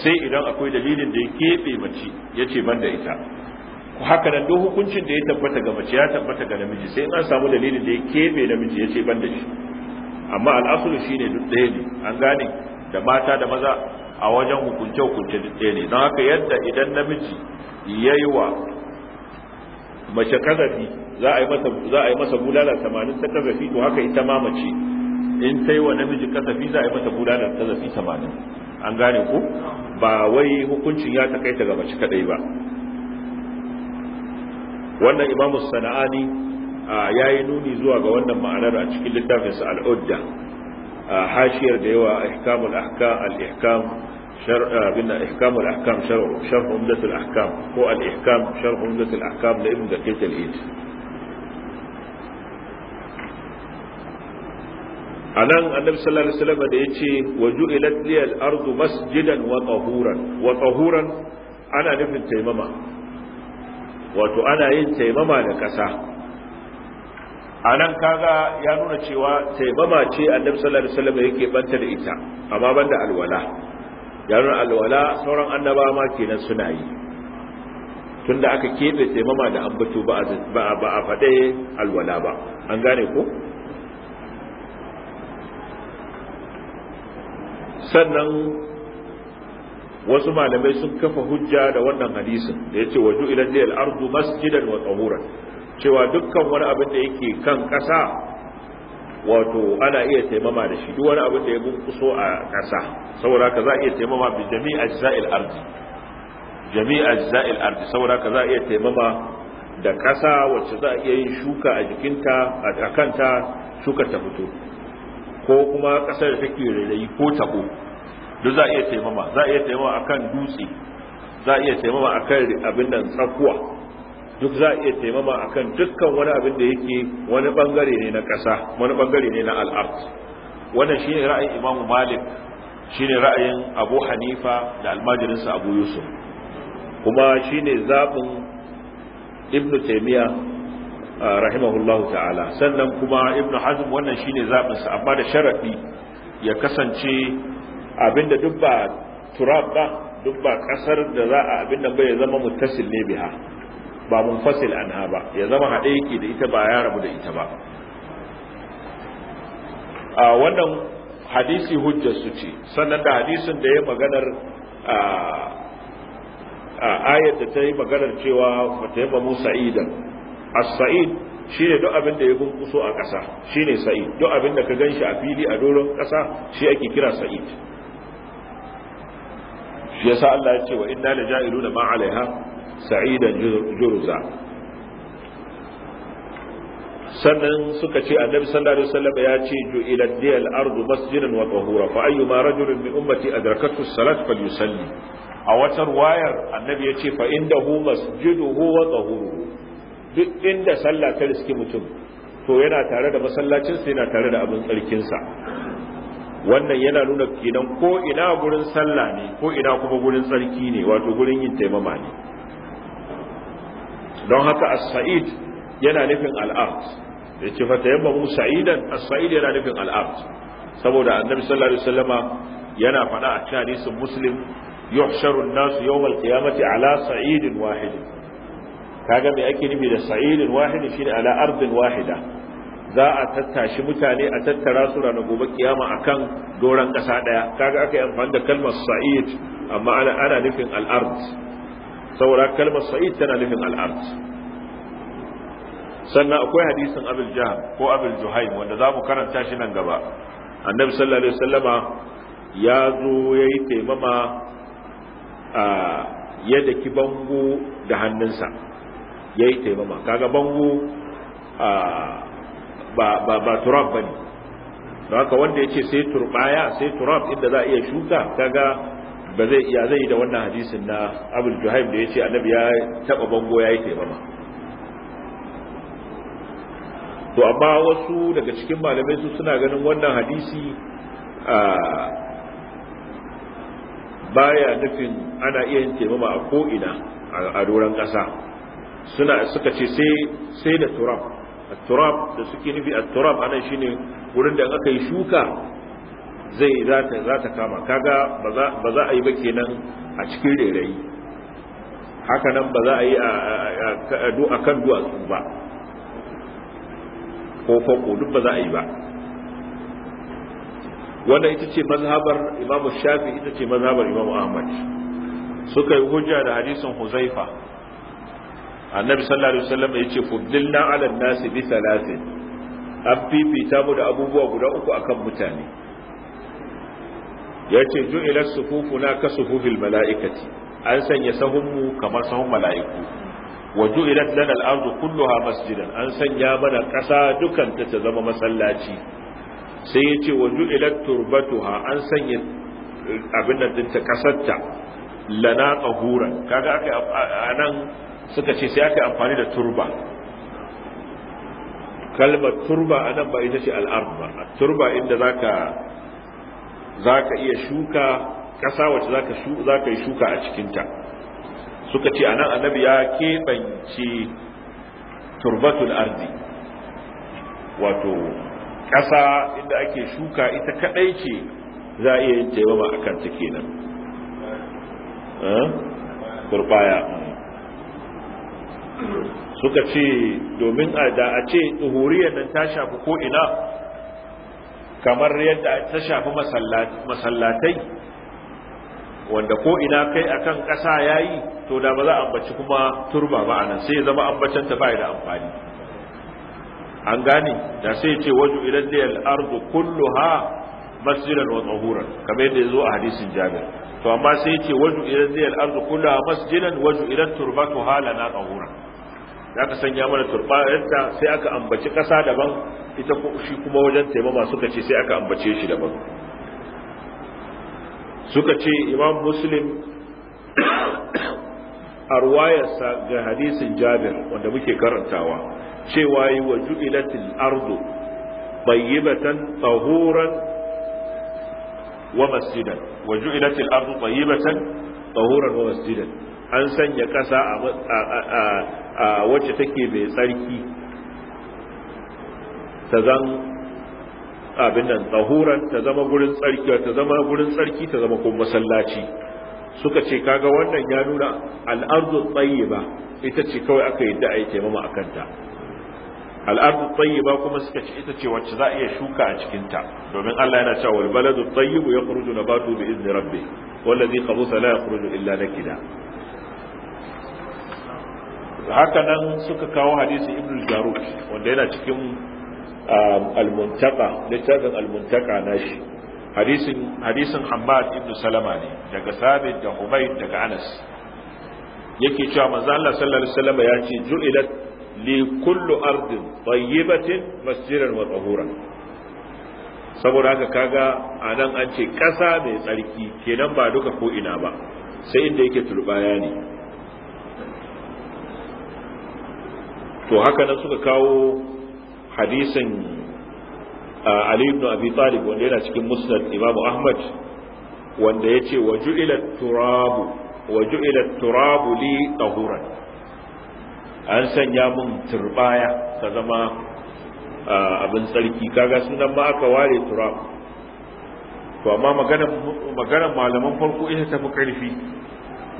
sai idan akwai dalilin da ya keɓe mace ya ce banda ita haka nan don hukuncin da ya tabbata ga mace ya tabbata ga namiji sai in an samu dalilin da ya keɓe namiji ya ce banda shi amma al'asulu shine duk ɗaya ne an gane da mata da maza a wajen hukunce hukunce ɗaya ne don haka yadda idan namiji ya yi wa mace kazafi za a yi masa bulala tamanin ta kazafi to haka ita ma mace in ta yi wa namiji kazafi za a yi masa bulala kazafi tamanin an gane ku ba wai hukuncin ya takaita ga mace kadai ba wannan imamu sana'ani ya yi nuni zuwa ga wannan ma'anar a cikin littafinsa al'udda hashiyar da yawa ihkamul ahkam al-ihkam شر بنا إحكام الأحكام شرع شرح عمدة الأحكام هو الإحكام شرح عمدة الأحكام لابن دقيق الإيد anan annabi sallallahu alaihi wasallam da yace waju'ilat liyal ardu masjidan wa tahuran wa tahuran ana nufin taimama wato ana yin taimama da kasa a nan kaga ya nuna cewa taimama ce annabi sallallahu alaihi wasallam yake banta da ita amma banda alwala ya nuna alwala sauran annaba ma kenan suna yi tunda aka kebe taimama da ambato ba ba a faɗe alwala ba an gane ko sannan wasu malamai sun kafa hujja da wannan hadisin da yace waju ila al ardu masjidan wa tahuran cewa dukkan wani abin da yake kan ƙasa wato ana iya taimama da shi duk wani abin da ya bunkuso a ƙasa saboda ka za a iya taimama bi jami'a ajza'il ardi jami'a ajza'il ardi saboda ka za a iya taimama da ƙasa wacce za a iya yin shuka a jikinta a kanta shuka ta fito ko kuma ƙasar da take rairayi ko taɓo duk za a iya taimama za a iya taimama akan dutse za a iya taimama akan abin nan tsakuwa duk za a iya taimama akan dukkan wani abin da yake wani bangare ne na ƙasa wani bangare ne na al'ard wannan ne ra'ayin Imam Malik ne ra'ayin Abu Hanifa da almajirinsa Abu Yusuf kuma ne zaɓin Ibn Taymiyyah rahimahullahu ta'ala sannan kuma Ibn Hazm wannan ne zaɓinsa amma da sharaɗi ya kasance da duk ba turab ba duk ba ƙasar da za a abin nan bai zama muttasil ne biha ba mun fasil anha ba ya zama haɗe yake da ita ba ya rabu da ita ba a wannan hadisi hujjar su ce sannan da hadisin da ya maganar ayar da ta yi maganar cewa mata yaba mu sa'idan as-sa'id shine ne duk abin da ya gunkuso a ƙasa shi ne sa'id duk abin da ka ganshi a fili a doron ƙasa shi ake kira sa'id shi yasa Allah ya ce wa inna la ja'iluna ma 'alaiha sa'ida juruza sannan suka ce annabi sallallahu alaihi wasallam ya ce ila diyal ardu masjidan wa tahura fa ayyuma rajulin min ummati adrakathu salat falyusalli a wata wayar annabi ya ce fa indahu masjiduhu wa tahuru duk inda sallah ta riski mutum to yana tare da masallacinsa yana tare da abin sa wannan yana nuna kenan ko ina gurin sallah ne ko ina kuma gurin tsarki ne wato gurin yin taimama ne don haka as-sa'id yana nufin al-ard yace fa tayammamu sa'idan as-sa'id yana nufin al saboda annabi sallallahu alaihi wasallama yana faɗa a cikin hadisin muslim yuhsharu an-nas yawm al-qiyamati ala sa'idin wahid kaga me ake nufi da sa'idin wahid shine ala ardin wahida za a tattashi mutane a tattara su ranar gobe kiyama akan doran kasa daya kaga aka yi amfani da kalmar sa'id amma ana nufin al'ard saboda kalmar sa'id tana nufin al'ard sannan akwai hadisin abul jahm ko abul juhaim wanda za mu karanta shi nan gaba annabi sallallahu alaihi wasallama ya zo ya yi taimama a yadda ki bango da hannunsa ya yi taimama kaga bango ba turab ba ne haka wanda ya ce sai turbaya sai turab inda za a iya shuka kaga ba zai iya zai da wannan hadisin na abul juhaim da ya ce annabi ya taba bango ya yi taimama to amma wasu daga cikin malamai su suna ganin wannan hadisi baya nufin ana iya yin taimama a ko'ina a doron ƙasa suna suka ce sai da turab turab da suke nufi a turab anan shine wurin da aka yi shuka zai za ta kama kaga ba za a yi ba kenan a cikin rerayi hakanan ba za a yi a kan duwatsu ba ko fanko duk ba za a yi ba wannan ita ce mazhabar imamu shafi ita ce mazhabar imamu ahmad suka yi hujja da hadisin huzaifa annabi sallallahu alaihi wasallam ya ce fuddilna ala nasi bi salatin an fifita mu da abubuwa guda uku akan mutane ya ce ju'ilar sufufu na ka sufufil mala'ikati an sanya sahunmu kamar sahun mala'iku wa ju'ilat lana al-ardu kulluha masjidan an sanya mana ƙasa dukan ta zama masallaci sai ya ce wa ju'ilat turbatuha an sanya eh, abin nan ta kasarta lana tahuran kaga aka anan suka ce sai aka amfani da turba kalmar turba anan ba ita ce al'ard ba turba inda zaka za ka iya shuka ƙasa wacce za ka yi shuka a cikinta suka ce anan annabi ya keɓance turbatul arzi wato ƙasa inda ake shuka ita kaɗai ce za a iya yin taimama a kanta kenan eh? turbaya mm. suka ce domin da a ce tsuhuriyar nan ta shafi ko ina kamar yadda ta shafi masallatai wanda ko ina kai akan ƙasa yayi to da ba za a ambaci kuma turba ba a nan, sai ya zama ambacin ta bai da amfani an gane da sai ce waju idan da al-ardu kulluha masjidan wa tahuran kamar yadda ya zo a hadisin Jami'a. to amma sai ce waju idan da al-ardu kulluha masjidan waju idan turbatuha lana tahuran da aka sanya mana turbayarta sai aka ambaci kasa daban ita shi kuma wajen taimama suka ce sai aka ambace shi daban suka ce imam muslim a ga hadisin jabir wanda muke karantawa cewa yi wa ju'ilatil ardu bayyibatan tahuran wa masjidan wa ju'ilatil ardu bayyibatan tahuran wa masjidan an sanya ƙasa a wacce take mai tsarki ta zan abin nan tsahuran ta zama gurin tsarki ta zama gurin tsarki ta zama kuma masallaci suka ce kaga wannan ya nuna al'ardu tayyiba ita ce kawai aka yi da ai taimama a kanta. al'ardu tayyiba kuma suka ce ita ce wacce za a iya shuka a cikinta? domin Allah yana cewa da wal baladu tayyibu na bato bi idni rabbih wallazi khabutha la yakhruju illa na nakida haka nan suka kawo hadisi ibn al-jarud wanda yana cikin um, al-muntaka littafin al-muntaka nashi hadisin hadisin Hammad ibn Salama ne daga Sabit da Humayd daga Anas yake cewa manzo Allah sallallahu alaihi wasallam ya ce ju'ilat li kullu ardin tayyibatin masjidan wa tahura saboda haka kaga anan an ce kasa mai tsarki kenan ba duka ko ina ba sai inda yake turbaya ne to haka nan suka kawo hadisin Ali ibn Abi Talib wanda yana cikin Musnad Imam Ahmad wanda yace wa ju'ila turabu wa ju'ila li tahuran an sanya mun turbaya ta zama abin tsarki kaga sunan ma aka ware turab to amma maganar malaman farko ita tafi karfi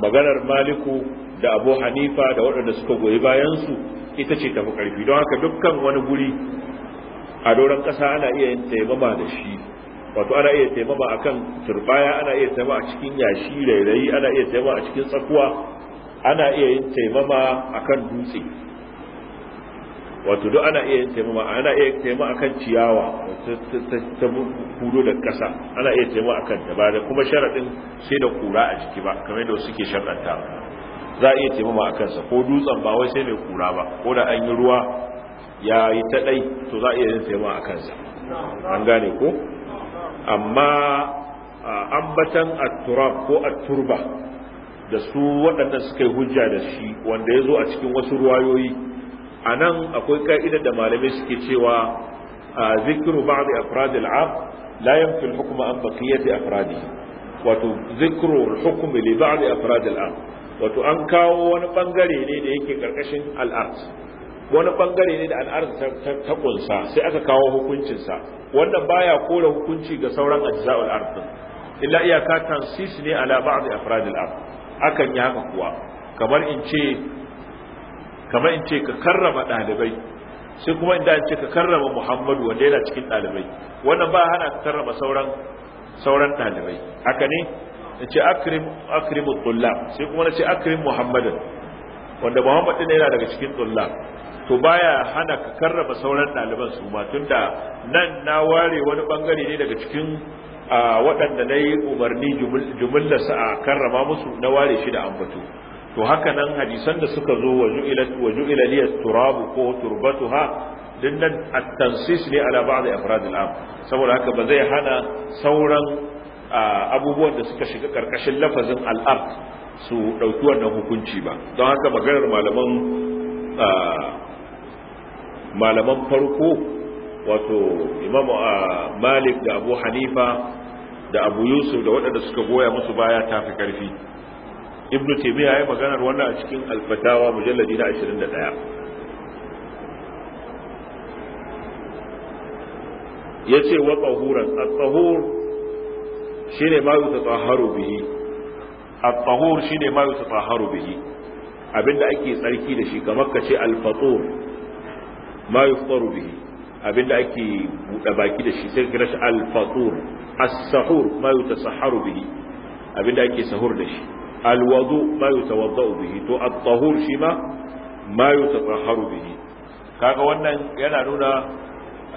maganar maliku da abu hanifa da waɗanda suka goyi bayansu ita ce tafi karfi don haka dukkan wani guri a doron ƙasa ana iya yin taimama da shi wato ana iya taimama a kan turbaya ana iya taimama a cikin yashi rairayi ana iya taimama a cikin tsakuwa ana iya yin taimama a kan dutse wato duk ana iya yin taimama ana iya taimama a kan ciyawa ta hudo da ƙasa ana iya taimama a ta ba da kuma sharaɗin sai da kura a jiki ba kamar yadda suke sharɗanta za a iya taimama a kansa ko dutsen ba wai sai mai kura ba ko da an yi ruwa ya yi taɗai to za a iya yin taimama a kansa an gane ko amma ambatan atturab ko turba da su waɗanda suka yi hujja da shi wanda ya zo a cikin wasu ruwayoyi a nan akwai ka'ida da malamai suke cewa a zikiru ba da afradi al'am la hukuma an da wato zikiru hukumi li wato an kawo wani bangare ne da yake karkashin al'ard wani bangare ne da al'ard ta kunsa sai aka kawo hukuncinsa wannan baya kore hukunci ga sauran ajza'ul ard illa iyaka tansis ne ala ba'd afradil ard akan yi haka kuwa kamar in ce kamar in ce ka karrama dalibai sai kuma inda in ce ka karrama Muhammadu wanda yana cikin dalibai wannan ba hana ka karrama sauran sauran dalibai haka ne na ce akrim tullab sai kuma na ce akrim muhammadan wanda muhammad din yana daga cikin tullab to baya hana ka karraba sauran ɗaliban su ma tunda nan na ware wani bangare ne daga cikin waɗanda na yi umarni jumillarsa a karrama musu na ware shi da ambato to haka nan hadisan da suka zo wa ju'ila turabu ko turbatuha din nan a tansis ne ala ba'd afrad al saboda haka ba zai hana sauran abubuwan da suka shiga ƙarƙashin lafazin al'ab su ɗauki wannan hukunci ba don haka maganar malaman malaman farko wato imam malik da abu hanifa da abu yusuf da waɗanda suka goya musu baya ta fi ƙarfi ibn taymiya ya maganar wannan a cikin alfatawa mujalladi na 21 ya ce wa tsahuran a tsahur shine ma yutatahharu bihi at-tahur shine ma yutatahharu bihi abinda ake tsarki da shi kamar kace al-fatur ma yuftaru bihi abinda ake buɗe baki da shi sai kira shi al-fatur as-sahur ma yutasahharu bihi abinda ake sahur da shi al-wudu ma yutawaddau bihi to at-tahur shi ma ma yutatahharu bihi kaga wannan yana nuna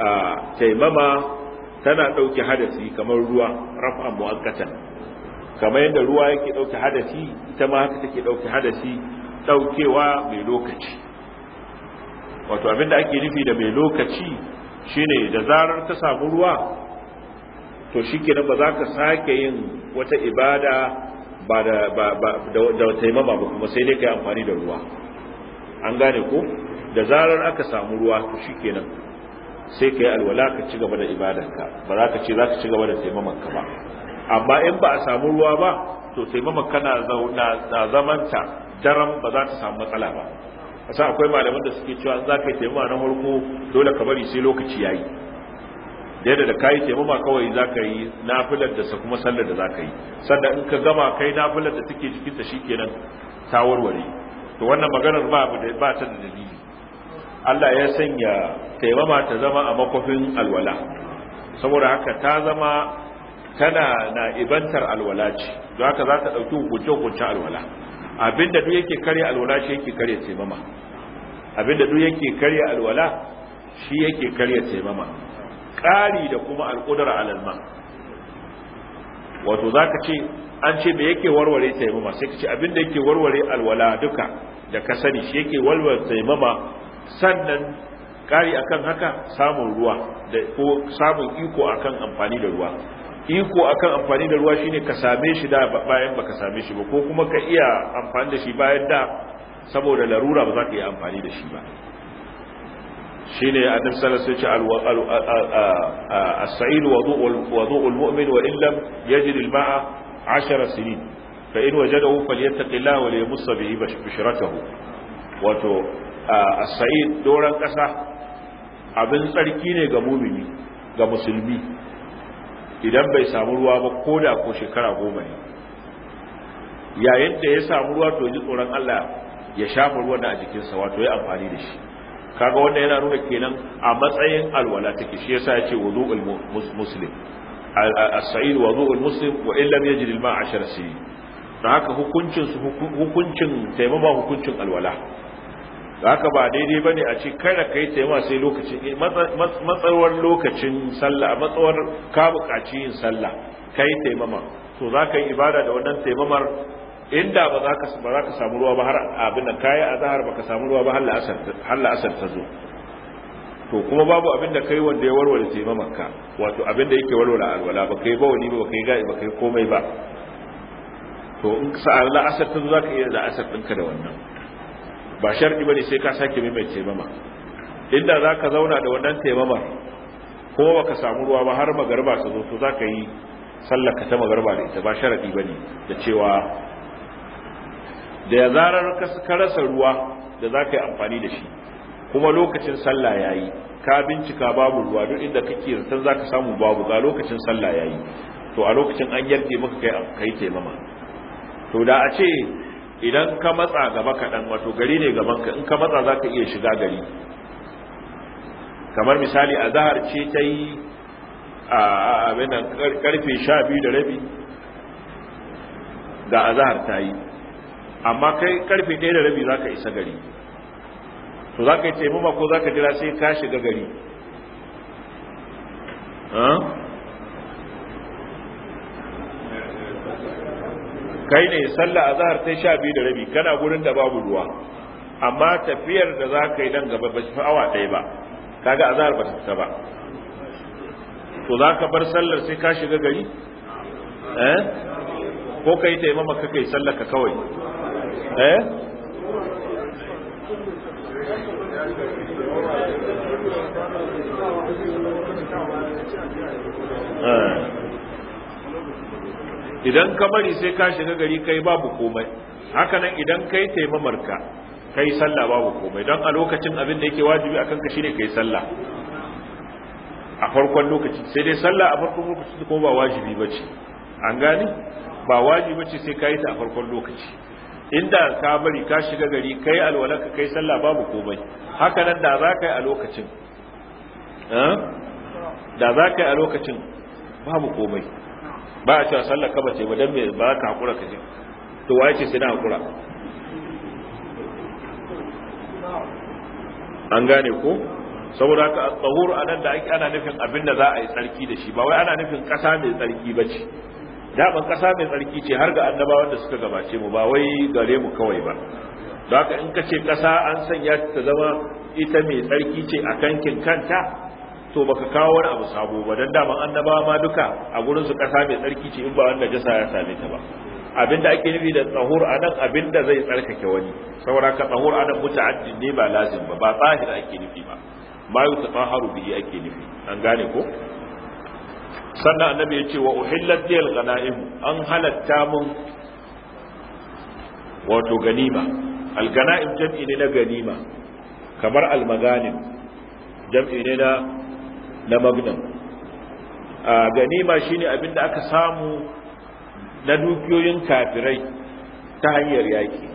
ah, taimama tana ɗauke hadasi kamar ruwa raf'an mu'akkatan kamar yadda ruwa yake ɗauke hadasi ita ma haka take ɗauke hadasi ɗaukewa mai lokaci wato abin da ake nufi da mai lokaci shine da zarar ta samu ruwa to shi kenan ba za ka sake yin wata ibada ba da da taimama ba kuma sai dai ka amfani da ruwa an gane ko da zarar aka samu ruwa to shi kenan sai ka yi alwala ka ci gaba da ibadanka ba za ka ce za ka ci gaba da taimamanka ba amma in ba a samu ruwa ba to taimamanka na zamanta daram ba za ta samu matsala ba kasa akwai malaman da suke cewa za ka yi taimama na farko dole ka bari sai lokaci ya yi yadda da ka yi taimama kawai za ka yi nafilar da sa kuma sallar da za ka yi sannan in ka gama kai nafilar da take jikinta shikenan ta warware to wannan maganar ba ba ta da dalili Allah ya sanya taimama ta zama a makofin alwala saboda haka ta zama tana na ibantar alwala ce don haka za ta ɗauki hukunce-hukunce alwala abinda duk yake karya alwala shi yake karya taimama abinda duk yake karya alwala shi yake karya taimama ƙari da kuma alƙudura alalma wato za ka ce an ce me yake warware taimama sai ka ce abinda yake warware alwala duka da ka sani shi yake warware taimama sannan kari akan haka samun ruwa da ko samun iko akan amfani da ruwa iko akan amfani da ruwa shine ka same shi da bayan baka same shi ba ko kuma ka iya amfani da shi bayan da saboda larura ba za ka iya amfani da shi ba shine annabi sallallahu alaihi wasallam as-sa'id wudu'ul wudu'ul mu'min wa illam yajid al-ma'a 10 sinin fa in wajadahu falyattaqillaha wa liyamussa bihi bishratahu wato a sa'id doron ƙasa abin tsarki ne ga mumini ga musulmi idan bai samu ruwa ba ko da ko shekara goma ne yayin da ya samu ruwa to ji tsoron Allah ya shafa ruwan da a jikinsa wato ya amfani da shi kaga wanda yana nuna kenan a matsayin alwala take shi yasa yace wudu'ul muslim as-sa'id wudu'ul muslim wa illam yajid al-ma'a 10 haka hukuncin su hukuncin taimama hukuncin alwala haka ba daidai bane a ce kada kai taimama sai lokacin eh, matsawar lokacin sallah matsawar ka bukaci yin sallah kai taimama to za ka yi ibada da wannan taimamar inda ba za ka ba za ka samu ruwa ba har abin da kai a zahar baka samu ruwa ba har la'asar har la'asar ta zo to kuma babu abin da kai wanda ya warware taimamar ka wato abin da yake warware alwala ba kai ba wani ba kai ga ba kai komai ba to in sa'a la'asar ta zo za ka iya la'asar ɗinka da wannan ba sharɗi bane sai ka sake mai mai taimama inda za ka zauna da wannan taimama ko ka samu ruwa ba har magarba su zo to za ka yi sallaka ta magarba da ita ba sharaɗi bane da cewa da ya zarar ka rasa ruwa da za ka yi amfani da shi kuma lokacin sallah ya yi ka bincika babu ruwa duk inda kake san za ka samu babu ga lokacin sallah ya yi to a lokacin an yarje maka kai kai taimama to da a ce idan ka matsa gaba kaɗan wato gari ne gaban ka in ka matsa za ka iya shiga gari kamar misali a zahar ce ta yi a abinda karfe sha biyu da rabi ga a zahar ta yi amma kai karfe ɗaya da rabi za ka isa gari to za ka yi taimama ko za ka jira sai ka shiga gari kai ne sallah zahar sai sha biyu da rabi kana gurin da babu ruwa amma tafiyar da za ka yi nan gaba ba shi awa ɗaya ba kaga zahar ba ta ba to za ka bar sallar sai ka shiga gari eh ko ka yi taimama ka kai sallar ka kawai eh eh idan ka bari sai ka shiga gari kai babu komai hakanan idan kai taimamarka kai sallah babu komai don a lokacin abin da yake wajibi akan ka shine kai sallah a farkon lokaci sai dai sallah a farkon lokaci ko ba wajibi bace an gane ba wajibi bace sai kai ta a farkon lokaci inda ka bari ka shiga gari kai alwalaka kai sallah babu komai hakanan da za ka yi a lokacin da za ka yi a lokacin babu komai ba a cewa sallar kaba bace ba don me ba ka hakura ka ce to wa ce sai na hakura an gane ko saboda haka a tsohuwar anan da ake ana nufin abin da za a yi tsarki da shi ba wai ana nufin kasa mai tsarki bace daban kasa mai tsarki ce har ga annabawan da suka gabace mu ba wai gare mu kawai ba Da haka in ka ce kasa an sanya ta zama ita mai tsarki ce a kankin kanta to baka kawo wani abu sabo ba dan dama annabawa ma duka a gurin su kasa mai tsarki ce in ba wanda jasa ya same ta ba abinda ake nufi da tsahur anan abinda zai tsarkake wani saboda ka tsahur anan muta'addin ne ba lazim ba ba tsahir ake nufi ba ma tsaharu bihi ake nufi an gane ko sannan annabi ya ce wa uhillat dil ghanaim an halatta mun wato ganima al ganaim jam'i ne na ganima kamar al maganim jam'i ne na na magnum a ganima shi abin da aka samu na dukiyoyin kafirai ta hanyar yaki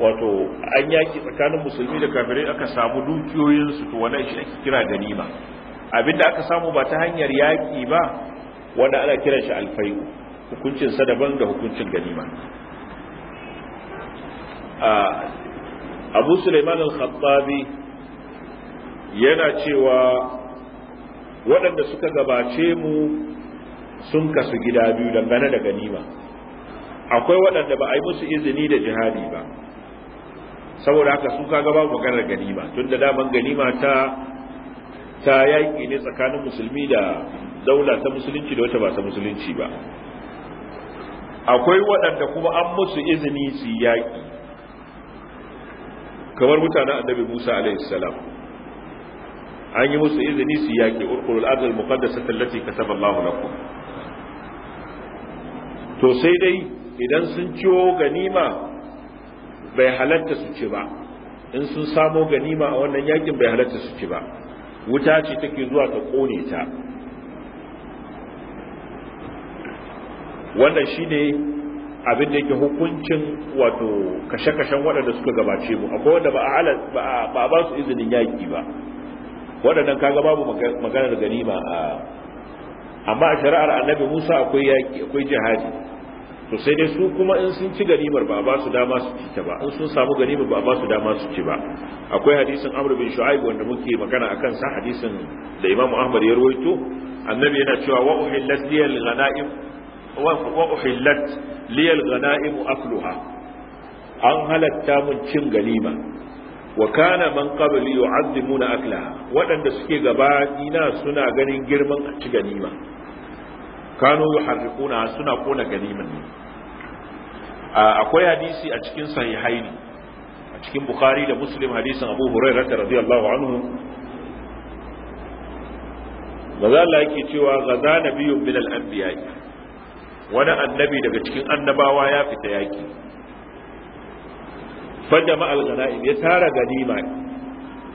wato an yaki tsakanin musulmi da kafirai aka samu dukiyoyinsu to wannan shi ake kira ganima abin da aka samu ba ta hanyar yaki ba wanda ana kiran shi alfai hukuncin sa daban da hukuncin ganima abu suleiman al-khattabi yana cewa waɗanda suka gabace mu sun kasu gida biyu dangane da ganima akwai waɗanda ba a yi musu izini da jihadi ba saboda haka su kaga ba maganar ganima tun da daman ganima ta ta yaƙi ne tsakanin musulmi da daula ta musulunci da wata ba ta musulunci ba akwai waɗanda kuma an musu izini su yaƙi kamar mutanen annabi musa alaihi salam an yi musu izini su yaƙi urkulul ardil muqaddasa allati kataba Allahu lakum to sai dai idan sun ciwo ganima bai halatta su ci ba in sun samo ganima a wannan yakin bai halatta su ci ba wuta ce take zuwa ta kone ta wannan shine abin da yake hukuncin wato kashe-kashen waɗanda suka gabace mu akwai wanda ba a ba su izinin yaƙi ba waɗannan kaga babu maganar ganima a amma a shari'ar annabi musa akwai yaƙi akwai jihadi to sai dai su kuma in sun ci ganimar ba ba su dama su ci ta ba in sun samu ganimar ba ba su dama su ci ba akwai hadisin amr bin shu'aib wanda muke magana akan sa hadisin da imamu ahmad ya rawaito annabi yana cewa wa uhillat liyal ghanaim wa uhillat liyal ghanaim akluha an halatta mun cin ganima wa kana man qabli yu'azzimuna aklaha waɗanda suke gaba ina suna ganin girman a ci ganima kano yuharrikuna suna kona ganiman ne akwai hadisi a cikin sahihaini a cikin bukhari da muslim hadisin abu hurairah radiyallahu anhu maza Allah yake cewa gaza nabiyyu min al-anbiya wani annabi daga cikin annabawa ya fita yaki fajja ma'al gana'im ya tara ganima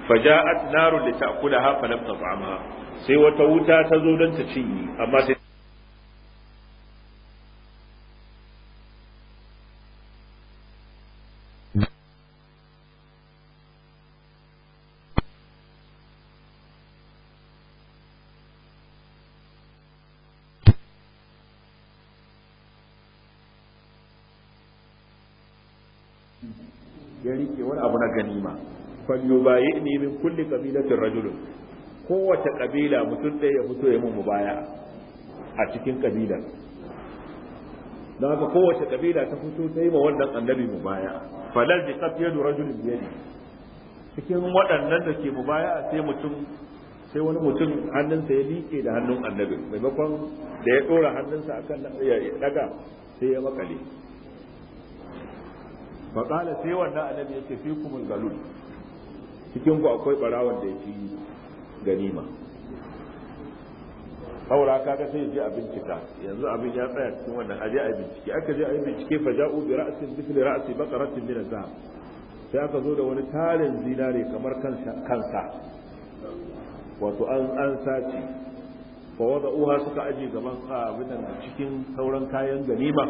faja'at narun da ta kula hafa lafta sai wata wuta ta zo don ta cinye amma sai wani abu na ganima falyubayi ni min kulli qabilatin rajulun kowace kabila mutum ɗaya ya fito ya mu baya a cikin kabilar don haka kowace kabila ta fito ta yi ma wannan annabi mu baya falal bi qafiyadu rajulin biyadi cikin waɗannan da ke mu baya sai mutum sai wani mutum hannunsa ya liƙe da hannun annabi maimakon da ya ɗora hannunsa akan ya daga sai ya makale fa sai wannan annabi yake fi kumul galul cikin ku akwai barawon da yake ganima saura ga sai je a bincika yanzu abin ya tsaya cikin wannan aje a bincike aka je a yi bincike fa ja'u bi ra'sin mithli ra'si baqaratin min az-zahab sai aka zo da wani tarin zinare kamar kansa wato an an sace fa wada'uha suka aje gaban abin cikin sauran kayan ganima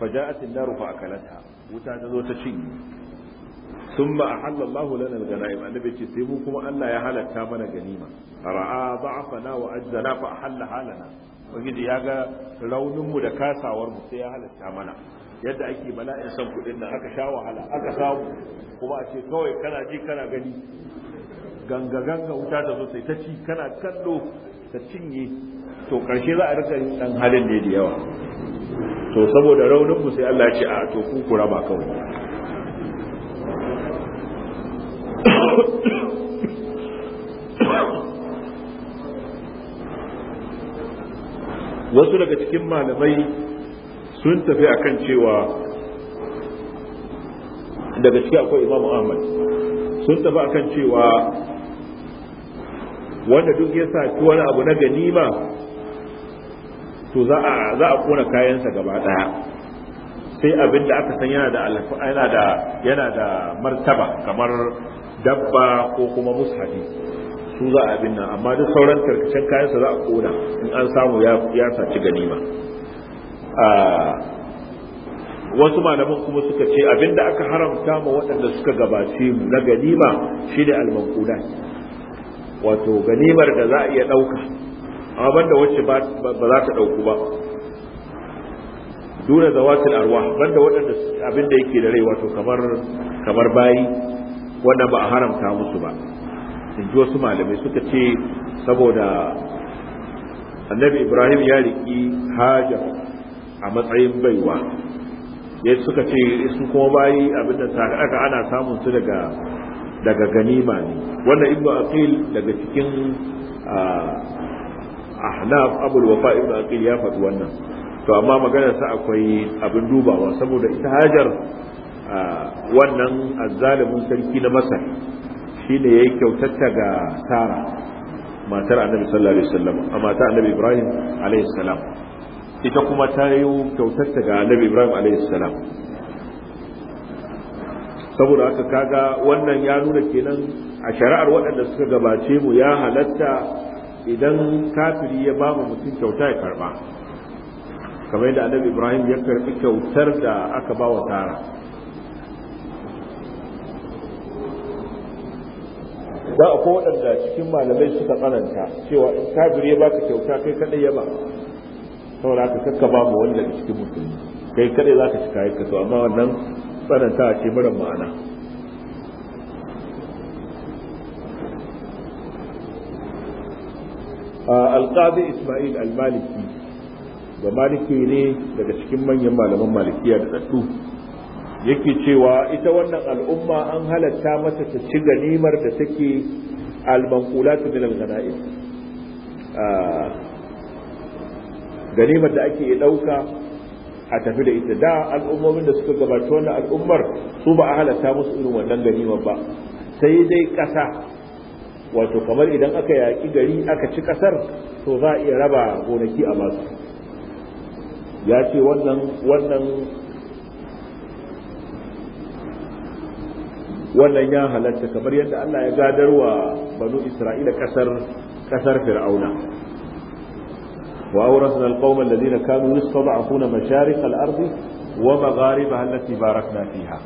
fa ja'at an-naru fa akalatha wuta ta zo ta cinye sun ba a halallahu lana ganaim annabi ce sai mu kuma Allah ya halatta mana ganima ra'a fana wa ajzana fa halla halana ubangiji ya ga raunin mu da kasawar mu sai ya halatta mana yadda ake bala'in san kudin nan aka sha wahala aka samu kuma a ce kawai kana ji kana gani ganga ganga wuta ta zo sai ta ci kana kallo ta cinye to karshe za a rika yin dan halin da yawa to saboda raunin sai Allah ya ce a to ku kura ba kawai wasu daga cikin malamai sun tafi akan cewa daga ciki akwai Imam Ahmad sun tafi akan cewa wanda duk ya saki wani abu na ganima to za a za a kona kayansa gaba daya sai abin da aka san yana da yana da yana da martaba kamar dabba ko kuma mushafi su za a abin nan amma duk sauran tarkacen kayansa za a kona in an samu ya ya saci ganima wasu malaman kuma suka ce abin da aka haramta ma waɗanda suka gabace mu na ganima shi ne almankuda wato ganimar da za a iya ɗauka amma banda wacce ba za ta ɗauku ba da wasu arwa banda waɗanda abin da yake da rai wato kamar kamar bayi wanda ba a haramta musu ba in ji wasu malamai suka ce saboda annabi ibrahim ya riki haja a matsayin baiwa ya suka ce su kuma bayi abinda aka ana samun su daga daga ganima ne wannan ibnu aqil daga cikin ah, ahnaf abul wafa ibn aqil ya faɗi wannan to amma maganar sa akwai abin dubawa saboda ita hajar wannan azzalimin sarki na masar shine yayi kyautatta ga sara matar annabi sallallahu alaihi wasallam a ta annabi ibrahim alaihi salam ita kuma ta yi kyautatta ga annabi ibrahim alaihi salam saboda haka kaga wannan ya nuna kenan a shari'ar waɗanda suka gabace mu ya halatta idan kafiri ya ba mutum kyauta ya karba kamar da annabi ibrahim ya karbi kyautar da aka ba wa tara za a ko waɗanda cikin malamai suka tsananta cewa in kafiri ya baka kyauta kai kadai ya ba saboda ka kakka ba mu wanda cikin mutum kai kadai za ka ci kayan amma wannan tsananta ce mara ma'ana alqazi isma'il al-maliki maliki ne daga cikin manyan malaman malikiya da daddu yake cewa ita wannan al'umma an halatta mata ta ci ganimar da take al-manqulatu min al-ghanaim ah, ganimar da ake dauka a tafi da ita da al'ummomin da suka gabata wannan al'ummar su ba a halatta musu irin wannan ganimar ba sai dai ƙasa wato kamar idan aka yaƙi gari aka ci ƙasar to za a iya raba gonaki a basu ya ce wannan ya halarta kamar yadda Allah ya gadar wa banu Isra'ila ƙasar ƙasar Fir'auna wa awrasna alqawma alladhina kanu yastad'afuna masharik al-ardi wa magharibaha allati barakna fiha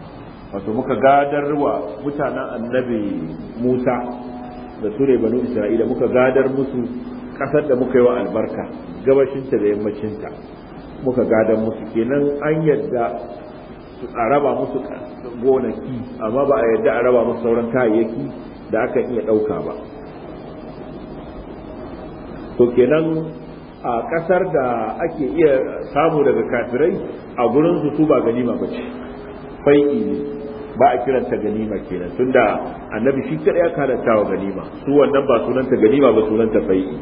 wato muka gadar wa mutanen annabi Musa da ne banu isra'ila muka gadar musu kasar da muka yi wa albarka gabashinta da yammacinta muka gadar musu kenan an yadda a raba musu gonaki amma ba a yadda a raba musu sauran kayayyaki da aka iya ɗauka ba to kenan a ƙasar da ake iya samu daga kafirai a gurin su su ba ganima ba ce ne ba a kiranta ganima kenan tunda annabi shi kadai ya karanta wa ganima su wannan ba sunanta ganima ba sunanta bai'i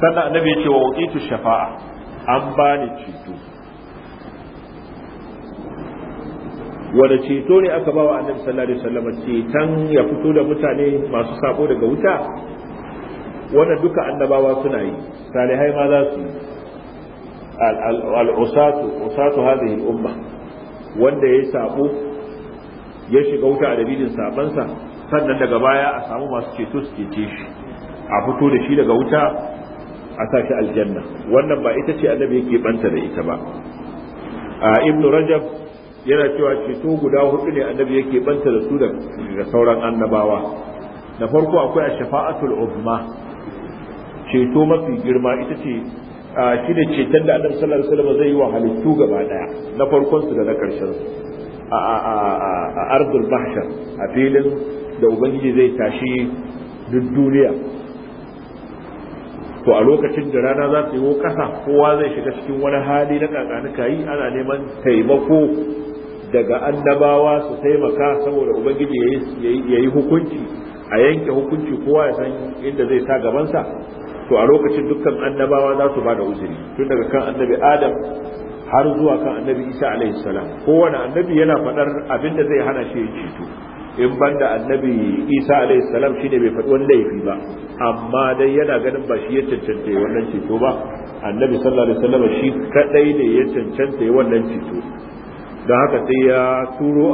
sannan annabi ya ce wa wuqitu shafa'a an bani ceto wanda ceto ne aka bawa annabi sallallahu alaihi wasallam ceton ya fito da mutane masu sako daga wuta Wannan duka annabawa suna yi salihai ma za su yi al'usatu usatu hadhihi umma wanda ya sabo ya shiga wuta a dalilin sabansa sannan daga baya a samu masu ceto su cece shi a fito da shi daga wuta a sa shi aljanna wannan ba ita ce annabi yake banta da ita ba a ibn rajab yana cewa ceto guda hudu ne annabi yake banta da su da sauran annabawa na farko akwai a shafa'atul uzma ceto mafi girma ita ce shi da ceton da annabi sallallahu alaihi zai yi wa halittu gaba daya na farkon su da na karshen su a a ardul mahshar a filin da ubangiji zai tashi duk duniya to a lokacin da rana za ta yi kasa kowa zai shiga cikin wani hali na kakanuka yi ana neman taimako daga annabawa su taimaka saboda ubangiji ya yi hukunci a yanke hukunci kowa ya san inda zai sa gabansa to a lokacin dukkan annabawa za su da uzuri tun daga kan annabi adam har zuwa kan annabi isa alaihi salam kowane annabi yana faɗar abin da zai hana shi ya ceto in banda annabi isa alaihi salam ne bai faɗi wani laifi ba amma dai yana ganin ba shi ya cancanta wannan ceto ba annabi sallallahu alaihi wasallam shi kadai ne ya cancanta wannan ceto da haka sai ya turo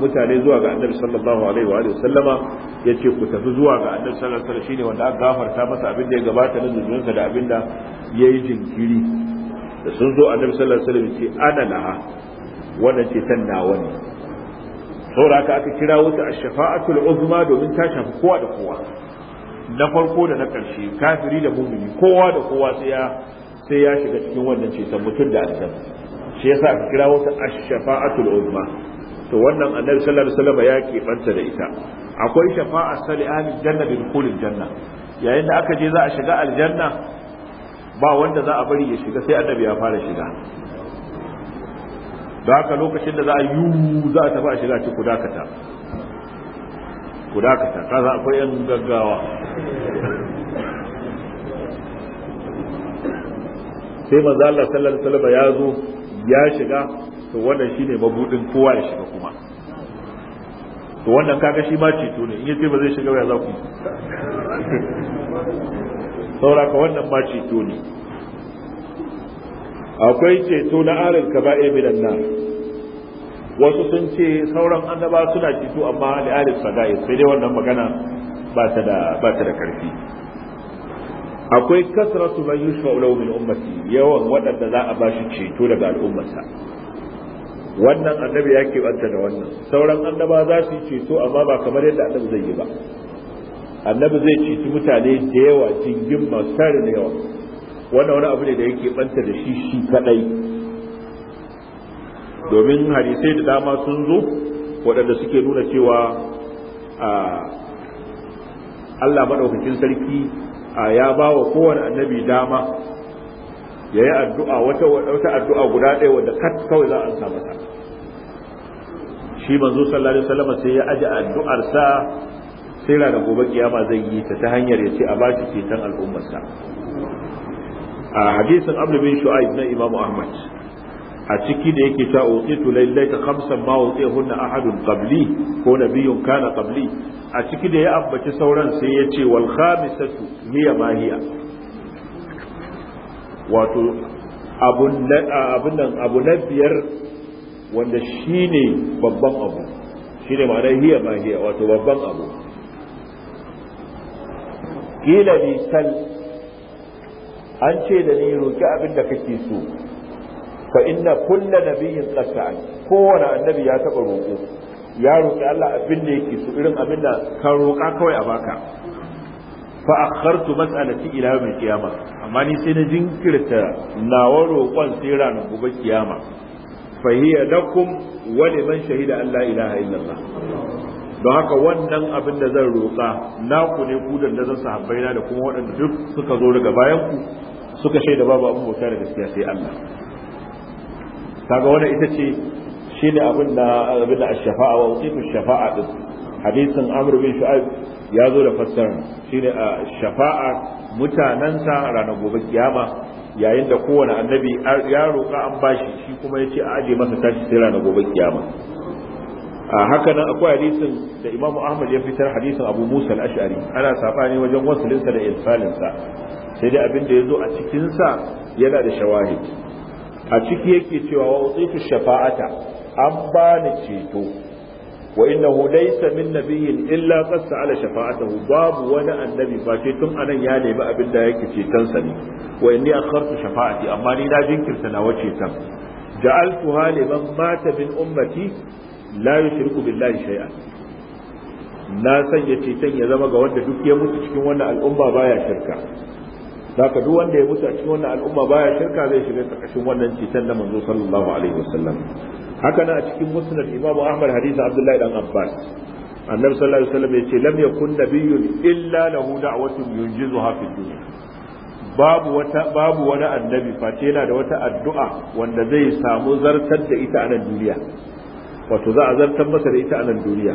mutane zuwa ga annabi sallallahu alaihi wa sallama ya ce ku tafi zuwa ga annabi sallallahu alaihi shine wanda aka gafarta masa abin da ya gabata na zunubinsa da abin da ya yi jinkiri da sun zo annabi sallallahu alaihi wasallam ce ana laha wannan ce san nawa ne saboda haka aka kira wuta ash al uzma domin ta shafi kowa da kowa na farko da na ƙarshe kafiri da mumini kowa da kowa sai ya sai ya shiga cikin wannan ceton mutum da aljanna shi yasa aka kira wata ash-shafa'atul uzma to wannan annabi sallallahu alaihi wasallam ya kebanta da ita akwai shafa'a sali ahli janna bi dukhulil janna yayin da aka je za a shiga aljanna ba wanda za a bari ya shiga sai annabi ya fara shiga da haka lokacin da za a yi za a tafi a shiga ci kudakata kudakata ka za akwai yan gaggawa sai manzo Allah sallallahu alaihi wasallam ya zo ya shiga to wannan shine mabudin kowa ya shiga kuma to wannan kaga shi ma ceto ne in yace ba zai shiga ba ya za ku [laughs] ka wannan ma ceto ne akwai ceto na arin ba minan nar wasu sun ce sauran annaba suna ceto amma da arin sada'i sai dai wannan magana ba ta da ba ta da karfi akwai kasratu man yushfa'u lahu min ummati yawan waɗanda za a bashi ceto daga al'ummarsa wannan annabi ya keɓanta da wannan sauran annaba za su yi ceto amma ba kamar yadda annabi zai yi ba annabi zai ceci mutane da yawa jingin masu tare da yawa wannan wani abu ne da yake banta da shi shi kadai domin hadisai da dama sun zo waɗanda suke nuna cewa ah, Allah maɗaukakin sarki a ya ba wa kowane annabi dama ya yi addu'a wata addu'a guda ɗaya wadda kat kawai za a samu ta shi manzo sallallahu alaihi wasallam sai ya aje sa sai ranar gobe kiyama zai yi ta ta hanyar ya ce a bashi ceton al'ummarsa a hadisin abu bin shu'aib na imamu ahmad a ciki da yake ta utitu lailaita khamsan ma utihunna ahadun qabli ko nabiyun kana qabli a ciki da ya ambaci sauran sai ya ce wal khamisatu hiya ma hiya wato abun nan abu na biyar wanda shine babban abu shine ma'anar hiya ma hiya wato babban abu kila ni sal an ce da ni roki abin da kake so fa inna kulla nabiyyin an kowane annabi ya taba roƙo ya roƙi Allah abin da yake Su irin abin da ka roƙa kawai a baka fa akhartu mas'alati ila yawm al amma ni sai na jinkirta nawa roƙon sai ranar gobe kiyama fa hiya lakum wa liman shahida an la ilaha illallah don haka wannan abin da zan roƙa naku ne ku da zan sahabbaina da kuma waɗanda duk suka zo daga bayan ku suka shaida babu abin bauta da gaskiya sai Allah kaga wannan ita ce shine abin da abin da ash-shafa'a wa ash shafa'a din hadisin amr bin shu'aib ya zo da fassara shine shafa'a sa ranar gobe kiyama yayin da kowane annabi ya roƙa an bashi shi kuma ya ce a aje masa tashi sai ranar gobe kiyama a haka nan akwai hadisin da imam ahmad ya fitar hadisin abu musa al-ash'ari ana safani wajen wasulinsa da irsalinsa sai dai abin da ya zo a cikinsa yana da shawahid a ciki yake cewa wa shafa'ata an bani ceto wa innahu laysa min nabiyyin illa qad sa'ala shafa'atahu babu wani annabi ba ce tun anan ya nemi abin da yake ceton sa ne wa inni akhartu shafa'ati amma ni na jinkirta na ceton tan ja'altuha mata min ummati la yushriku billahi shay'an na sanya ceton ya zama ga wanda duk ya mutu cikin wannan al'umma baya shirka zaka duk wanda ya mutu a cikin wannan al'umma baya shirka zai shiga karkashin wannan ceton na manzo sallallahu alaihi wasallam haka nan a cikin musnad imamu ahmad hadisi abdullahi dan abbas annabi sallallahu alaihi wasallam yace lam yakun nabiyyun illa lahu da'watun yunjizuha fid dunya babu wata babu wani annabi face yana da wata addu'a wanda zai samu zartar da ita a nan duniya wato za a zartar masa da ita a nan duniya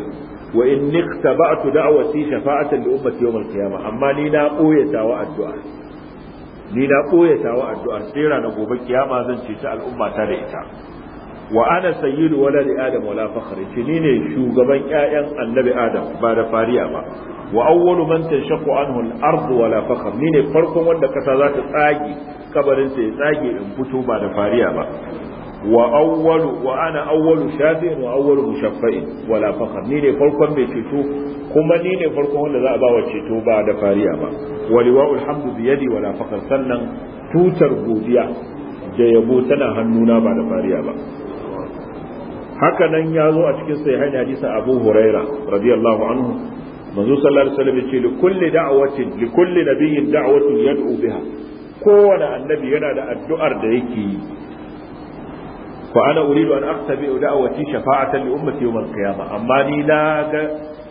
wa in niktaba'tu da'wati shafa'atan li ummati yawm al-qiyamah amma ni na koyata wa addu'a ni na ɓoye tawa addu'ar sai na gobe kiyama zan ceci al'umma ta da ita wa ana sayyidu wala li adam wala fakhr ni ne shugaban ƴaƴan annabi adam ba da fariya ba wa awwalu man tanshaqu anhu al-ard wala fakhr ni ne farkon wanda kasa za ta tsage kabarin ta ya tsage in fito ba da fariya ba wa awwalu wa ana awwalu shafi'in wa awwalu mushaffa'in wala fakhr ni ne farkon mai ceto kuma ni ne farkon wanda za a ba wa ceto ba da fariya ba Waliwa, alhamdu biyadi wala fakar sannan tutar godiya da yabo tana hannuna ba da fariya ba haka nan ya zo a cikin sahihain hadisa abu huraira radiyallahu anhu manzo sallallahu alaihi wasallam yace li kulli da'watin li kulli nabiyyin da'watun yad'u biha kowane annabi yana da addu'ar da yake yi fa ana uridu an aktabi da'wati shafa'atan li ummati yawm al-qiyamah amma ni na ga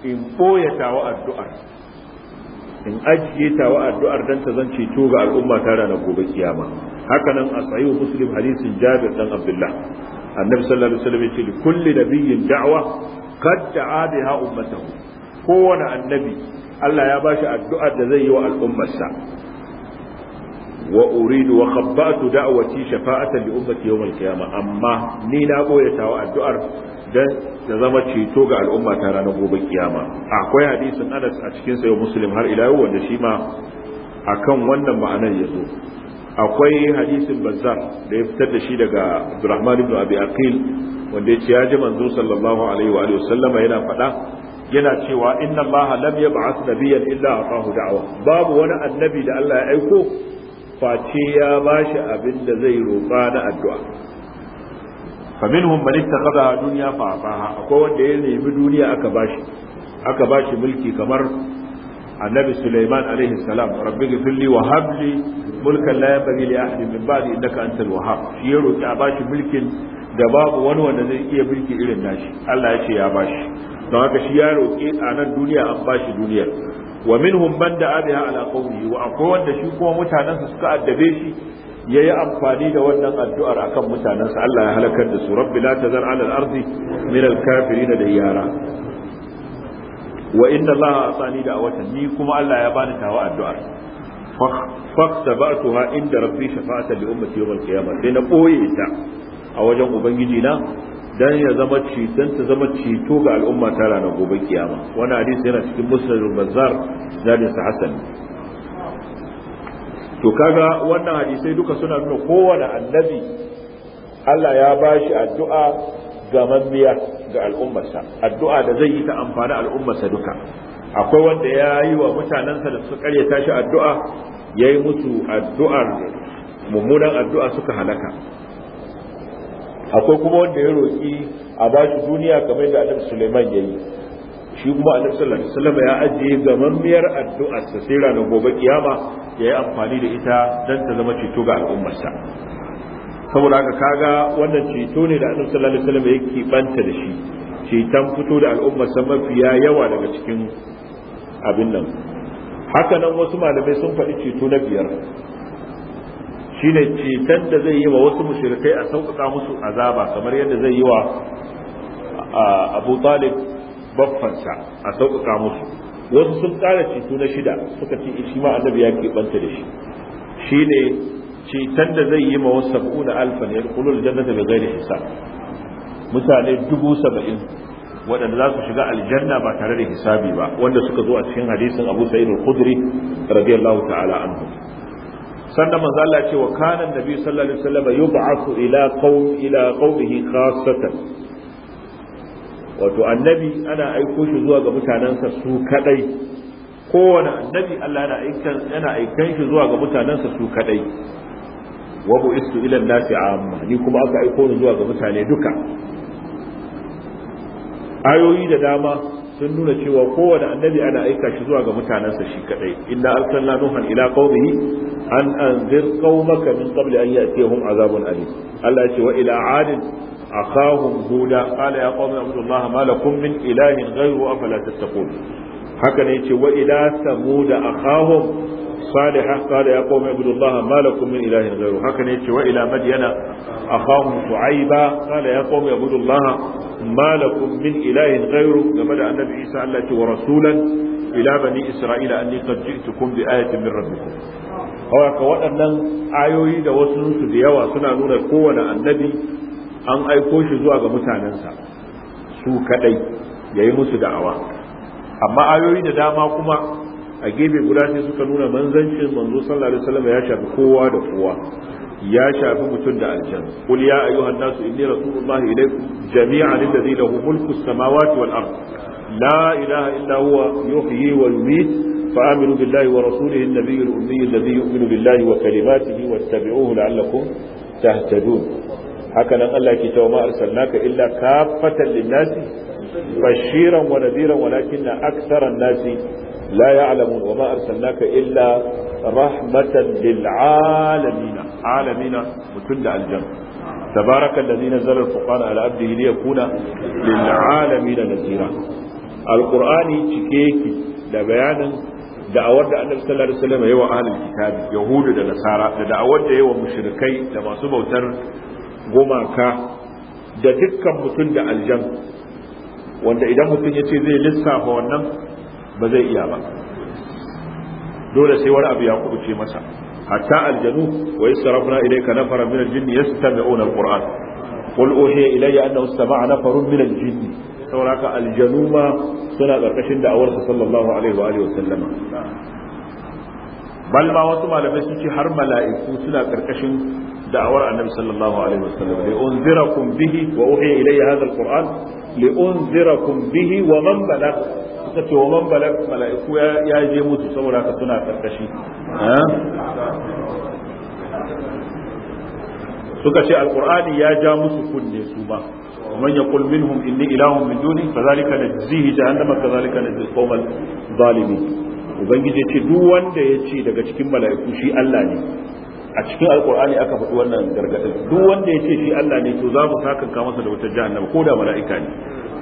in boyata wa addu'ar in ajiye ta wa addu'ar dan ta zan ceto ga al'umma ta ranar gobe kiyama hakanan a sahihu muslim hadisin jabir dan abdullah annabi sallallahu alaihi wasallam yace li kulli nabiyyin da'wa qad da'a biha ummatahu kowane annabi Allah ya bashi addu'ar da zai yi wa al'ummarsa wa uridu wa khabbatu da'wati shafa'atan li ummati yawm al-qiyamah amma ni na boye tawa addu'ar dan da zama ceto ga al'umma ta ranar gobe kiyama akwai hadisin Anas a cikin sayo Muslim har ila yau wanda shi ma akan wannan ma'anar yazo akwai hadisin Bazzar da ya fitar da shi daga Abdurrahman ibn Abi Aqil wanda yace ya ji manzo sallallahu alaihi wa alihi yana faɗa yana cewa inna Allah lam yab'ath nabiyyan illa ataahu da'wa babu wani annabi da Allah ya aiko face ya bashi abin da zai roƙa na addu'a faminhum man ittakhadha dunya fa afaha akwai wanda ya nemi duniya aka bashi aka bashi mulki kamar annabi Sulaiman alaihi salam rabbi ghfirli wa hab mulkan la yanbaghi li min ba'di innaka antal wahhab ya roki a bashi mulkin da babu wani wanda zai iya mulki irin nashi Allah ya ce ya bashi don haka shi ya roki a nan duniya an duniyar wa akwai wanda shi kuma mutanansa suka addabe shi yayi amfani da wannan addu'ar akan mutanensa Allah ya halakar da su rabbi la tazar ala al-ardi min al da yara wa inna Allah asani da watan ni kuma Allah ya bani tawa addu'ar faktabatuha inda rabbi shafa'atan li ummati yawm al sai na boye ta a wajen ubangiji na dan ya zama dan ta zama ceto ga al'umma ta ranar gobe kiyama Wani hadisi yana cikin musnad al-bazzar da hasan to kaga wannan hadisai duka suna nuna kowane annabi Allah ya bashi addu'a ga mabiya ga al'ummarsa addu'a da zai yi ta amfani al'ummarsa duka akwai wanda ya yi wa mutanensa da suka karyata shi addu'a ya yi musu addu'ar mummunan addu'a suka halaka akwai kuma wanda ya roƙi a shi duniya kamar da annabi Suleiman ya yi shi kuma annabi sallallahu alaihi wasallam ya ajiye gamammiyar addu'a sa sai ranar gobe kiyama ya yi amfani da ita don ta zama ceto ga al'ummarsa saboda haka kaga wannan ceto ne da annabi sallallahu alaihi wasallam yake banta da shi ceton fito da al'ummarsa mafiya yawa daga cikin abin nan haka nan wasu malamai sun faɗi ceto na biyar shine ceton da zai yi wa wasu mushrikai a sauƙaƙa musu azaba kamar yadda zai yi wa Abu Talib baffansa a sauƙaƙa musu wasu sun ƙara ceto na shida suka ce shi ma annabi ya keɓanta da shi shi ne ceton da zai yi ma wasu sab'una alfan ya kulul jannata bai gaira hisab mutane dubu saba'in waɗanda za su shiga aljanna ba tare da hisabi ba wanda suka zo a cikin hadisin abu sa'id al-khudri radiyallahu ta'ala anhu sannan manzo Allah ce wa kana annabi sallallahu alaihi wasallam yub'athu ila qaum ila qaumihi khassatan wato annabi ana aiko shi zuwa ga mutanensa su kadai kowane annabi Allah yana aikan shi zuwa ga mutanensa su kadai wa istu ila nasi amma ni kuma aka aiko ni zuwa ga mutane duka ayoyi da dama sun nuna cewa kowane annabi ana aika shi zuwa ga mutanensa shi kadai inna arsalna nuhan ila qaumihi an anzir qaumaka min qabli an ya'tiyahum azabun alim Allah ya ce wa ila adin akhahum huda qala ya qaumi abudullaha ma lakum min ilahin ghayru afala tattaqun haka ne ce wa ila samud akhahum صالحا قال يا قوم اعبدوا الله ما لكم من اله غيره هكذا والى مدين اخاهم شعيبا قال يا قوم اعبدوا الله ما لكم من اله غيره كما النبي عيسى الله ورسولا الى بني اسرائيل اني قد جئتكم بايه من ربكم haka waɗannan ayoyi da wasu su da yawa suna nuna kowane annabi an aiko shi zuwa ga mutanensa su kaɗai ya yi musu da'awa amma ayoyi da dama kuma a gefe guda sai suka nuna manzancin manzo sallallahu alaihi wasallam ya shafi kowa da kowa ya shafi mutum da aljan qul ya ayyuhan nasu inni rasulullahi ilaykum jami'an alladhi lahu mulku samawati wal ard la ilaha illa huwa yuhyi wa yumiit فآمنوا بالله ورسوله النبي الأمي الذي يؤمن بالله وكلماته واتبعوه لعلكم تهتدون هكذا الله كتاب ما أرسلناك إلا كافة للناس wa ونذيرا ولكن أكثر الناس la ya'lamun wa ma arsalnaka illa rahmatan lil alamin alamin mutun da aljan tabaraka allazi nazzala al-furqana ala abdihi liyakuna lil cike da bayanin da'awar da annabi sallallahu alaihi wasallam yayi wa ahlul kitab yahudu da nasara da da'awar da yayi wa mushrikai da masu bautar gumaka da dukkan mutum da aljan wanda idan mutum ya ce zai lissafa wannan ba zai iya ba dole sai wani abu ya kubuce masa hatta aljanu wa yasrafna ilayka nafara min aljinn yastami'una alquran qul uhiya ilayya annahu istama'a nafarun min aljinn sauraka aljanu ma suna karkashin da'awarsa sallallahu alaihi wa alihi wa sallama bal ma wasu malamai sun ce har mala'iku suna ƙarƙashin da'awar annabi sallallahu alaihi wasallam li unzirakum bihi wa uhiya ilayya hadha alquran li unzirakum bihi wa man balagh suka ce wa man balak mala'iku ya je musu saboda ka suna karkashi suka ce alqur'ani ya ja musu kunne su ba ومن يقول منهم إني إله من دوني فذلك نجزيه جهنم كذلك نجزي القوم الظالمين ubangiji ya ce duk wanda ya ce daga cikin mala'iku shi Allah ne a cikin alqur'ani aka faɗi wannan gargadin. duk wanda ya ce shi Allah ne to za mu sakanka masa da wata jahannama ko da mala'ika ne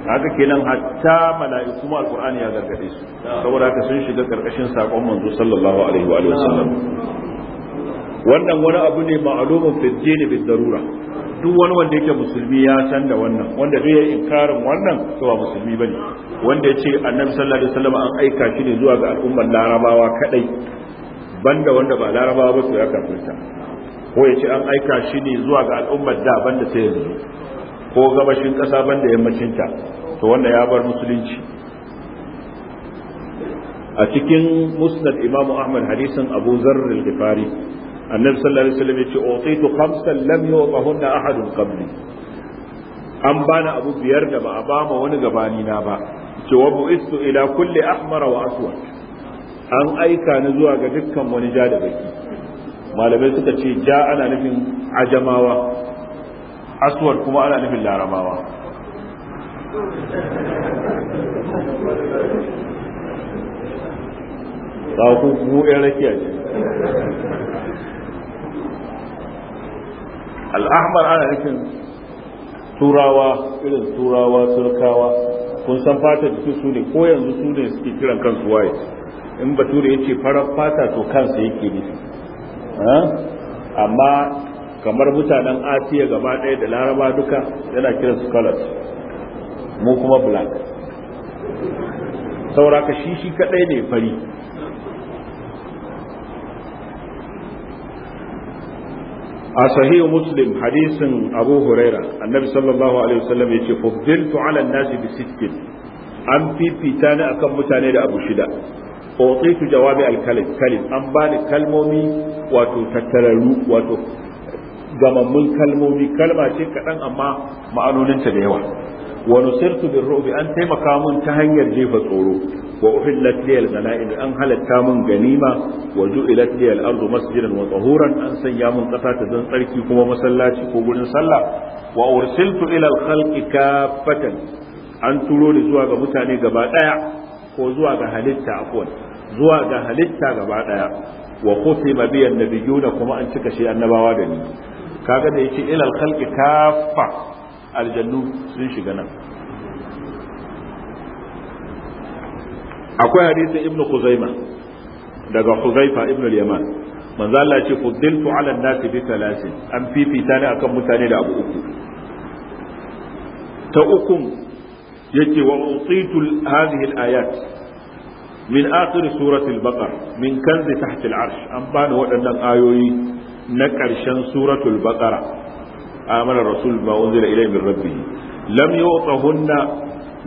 haka kenan hatta mala'iku ma alqur'ani ya gargade su saboda haka sun shiga karkashin sakon manzo sallallahu alaihi wa alihi wasallam wannan wani abu ne ma'lumun fi dini bi darura duk wani wanda yake musulmi ya san da wannan wanda duk ya inkarin wannan to ba musulmi bane wanda yace annabi sallallahu alaihi wasallam an aika shi ne zuwa ga al'ummar larabawa kadai banda wanda ba larabawa ba to ya kafirta ko yace an aika shi ne zuwa ga al'ummar da banda sai yanzu ko gabashin ƙasa banda yammacinta to wanda ya bar musulunci a cikin musnad imam ahmad hadisin abu zarr al-ghifari annabi sallallahu alaihi wasallam yace utitu khamsan lam yu'tahunna ahadun qabli an bana abu biyar da ba a bama wani gabani na ba ce wa bu'istu ila kulli ahmara wa aswad an aika ni zuwa ga dukkan wani ja da baki malamai suka ce ja ana nufin ajamawa aswad kuma ana nufin larabawa ku buɗe rakiya ne al'ahmar ana nufin turawa irin turawa turkawa kun san fata jikin su ne ko yanzu su ne suke kiran kansu waye in bature ya ce farar fata to kansa yake nufi amma kamar mutanen asiya gaba ɗaya da laraba duka yana kiran su colors mu kuma black sauraka shi shi kaɗai ne fari a sahihu muslim hadisin abu huraira annabi sallallahu alaihi wasallam yace fuddiltu ala nasi bi sittin an fifita ni akan mutane da abu shida utitu jawabi al kalim an bani kalmomi wato tattararru wato gamammun kalmomi kalma ce kaɗan amma ma'anoninta da yawa wa nusirtu bin rubi an taimaka mun ta hanyar jefa tsoro wa uhillat liyal ganaim an halatta mun ganima wa ju'ilat liyal ardu masjidan wa tahuran an sanya mun kasa ta zan tsarki kuma masallaci ko gurin sallah wa ursiltu ila al khalqi kaffatan an turo ni zuwa ga mutane gaba daya ko zuwa ga halitta afwan zuwa ga halitta gaba daya wa qutima bi annabiyuna kuma an cika shi annabawa da ni kaga da yake ilal khalqi kaffa aljannu sun shiga nan akwai hadisin ibnu khuzaima daga huzaifa ibnu al-yaman manzo Allah ya ce fuddiltu ala nasi bi thalathin an fifita ne akan mutane da abu uku ta uku yake wa utitu hadhihi al-ayat min akhir surati al min kanzi tahti al-arsh an bani waɗannan ayoyi na ƙarshen suratul baqara amana rasul ma unzila ilayhi min rabbih lam yu'tahunna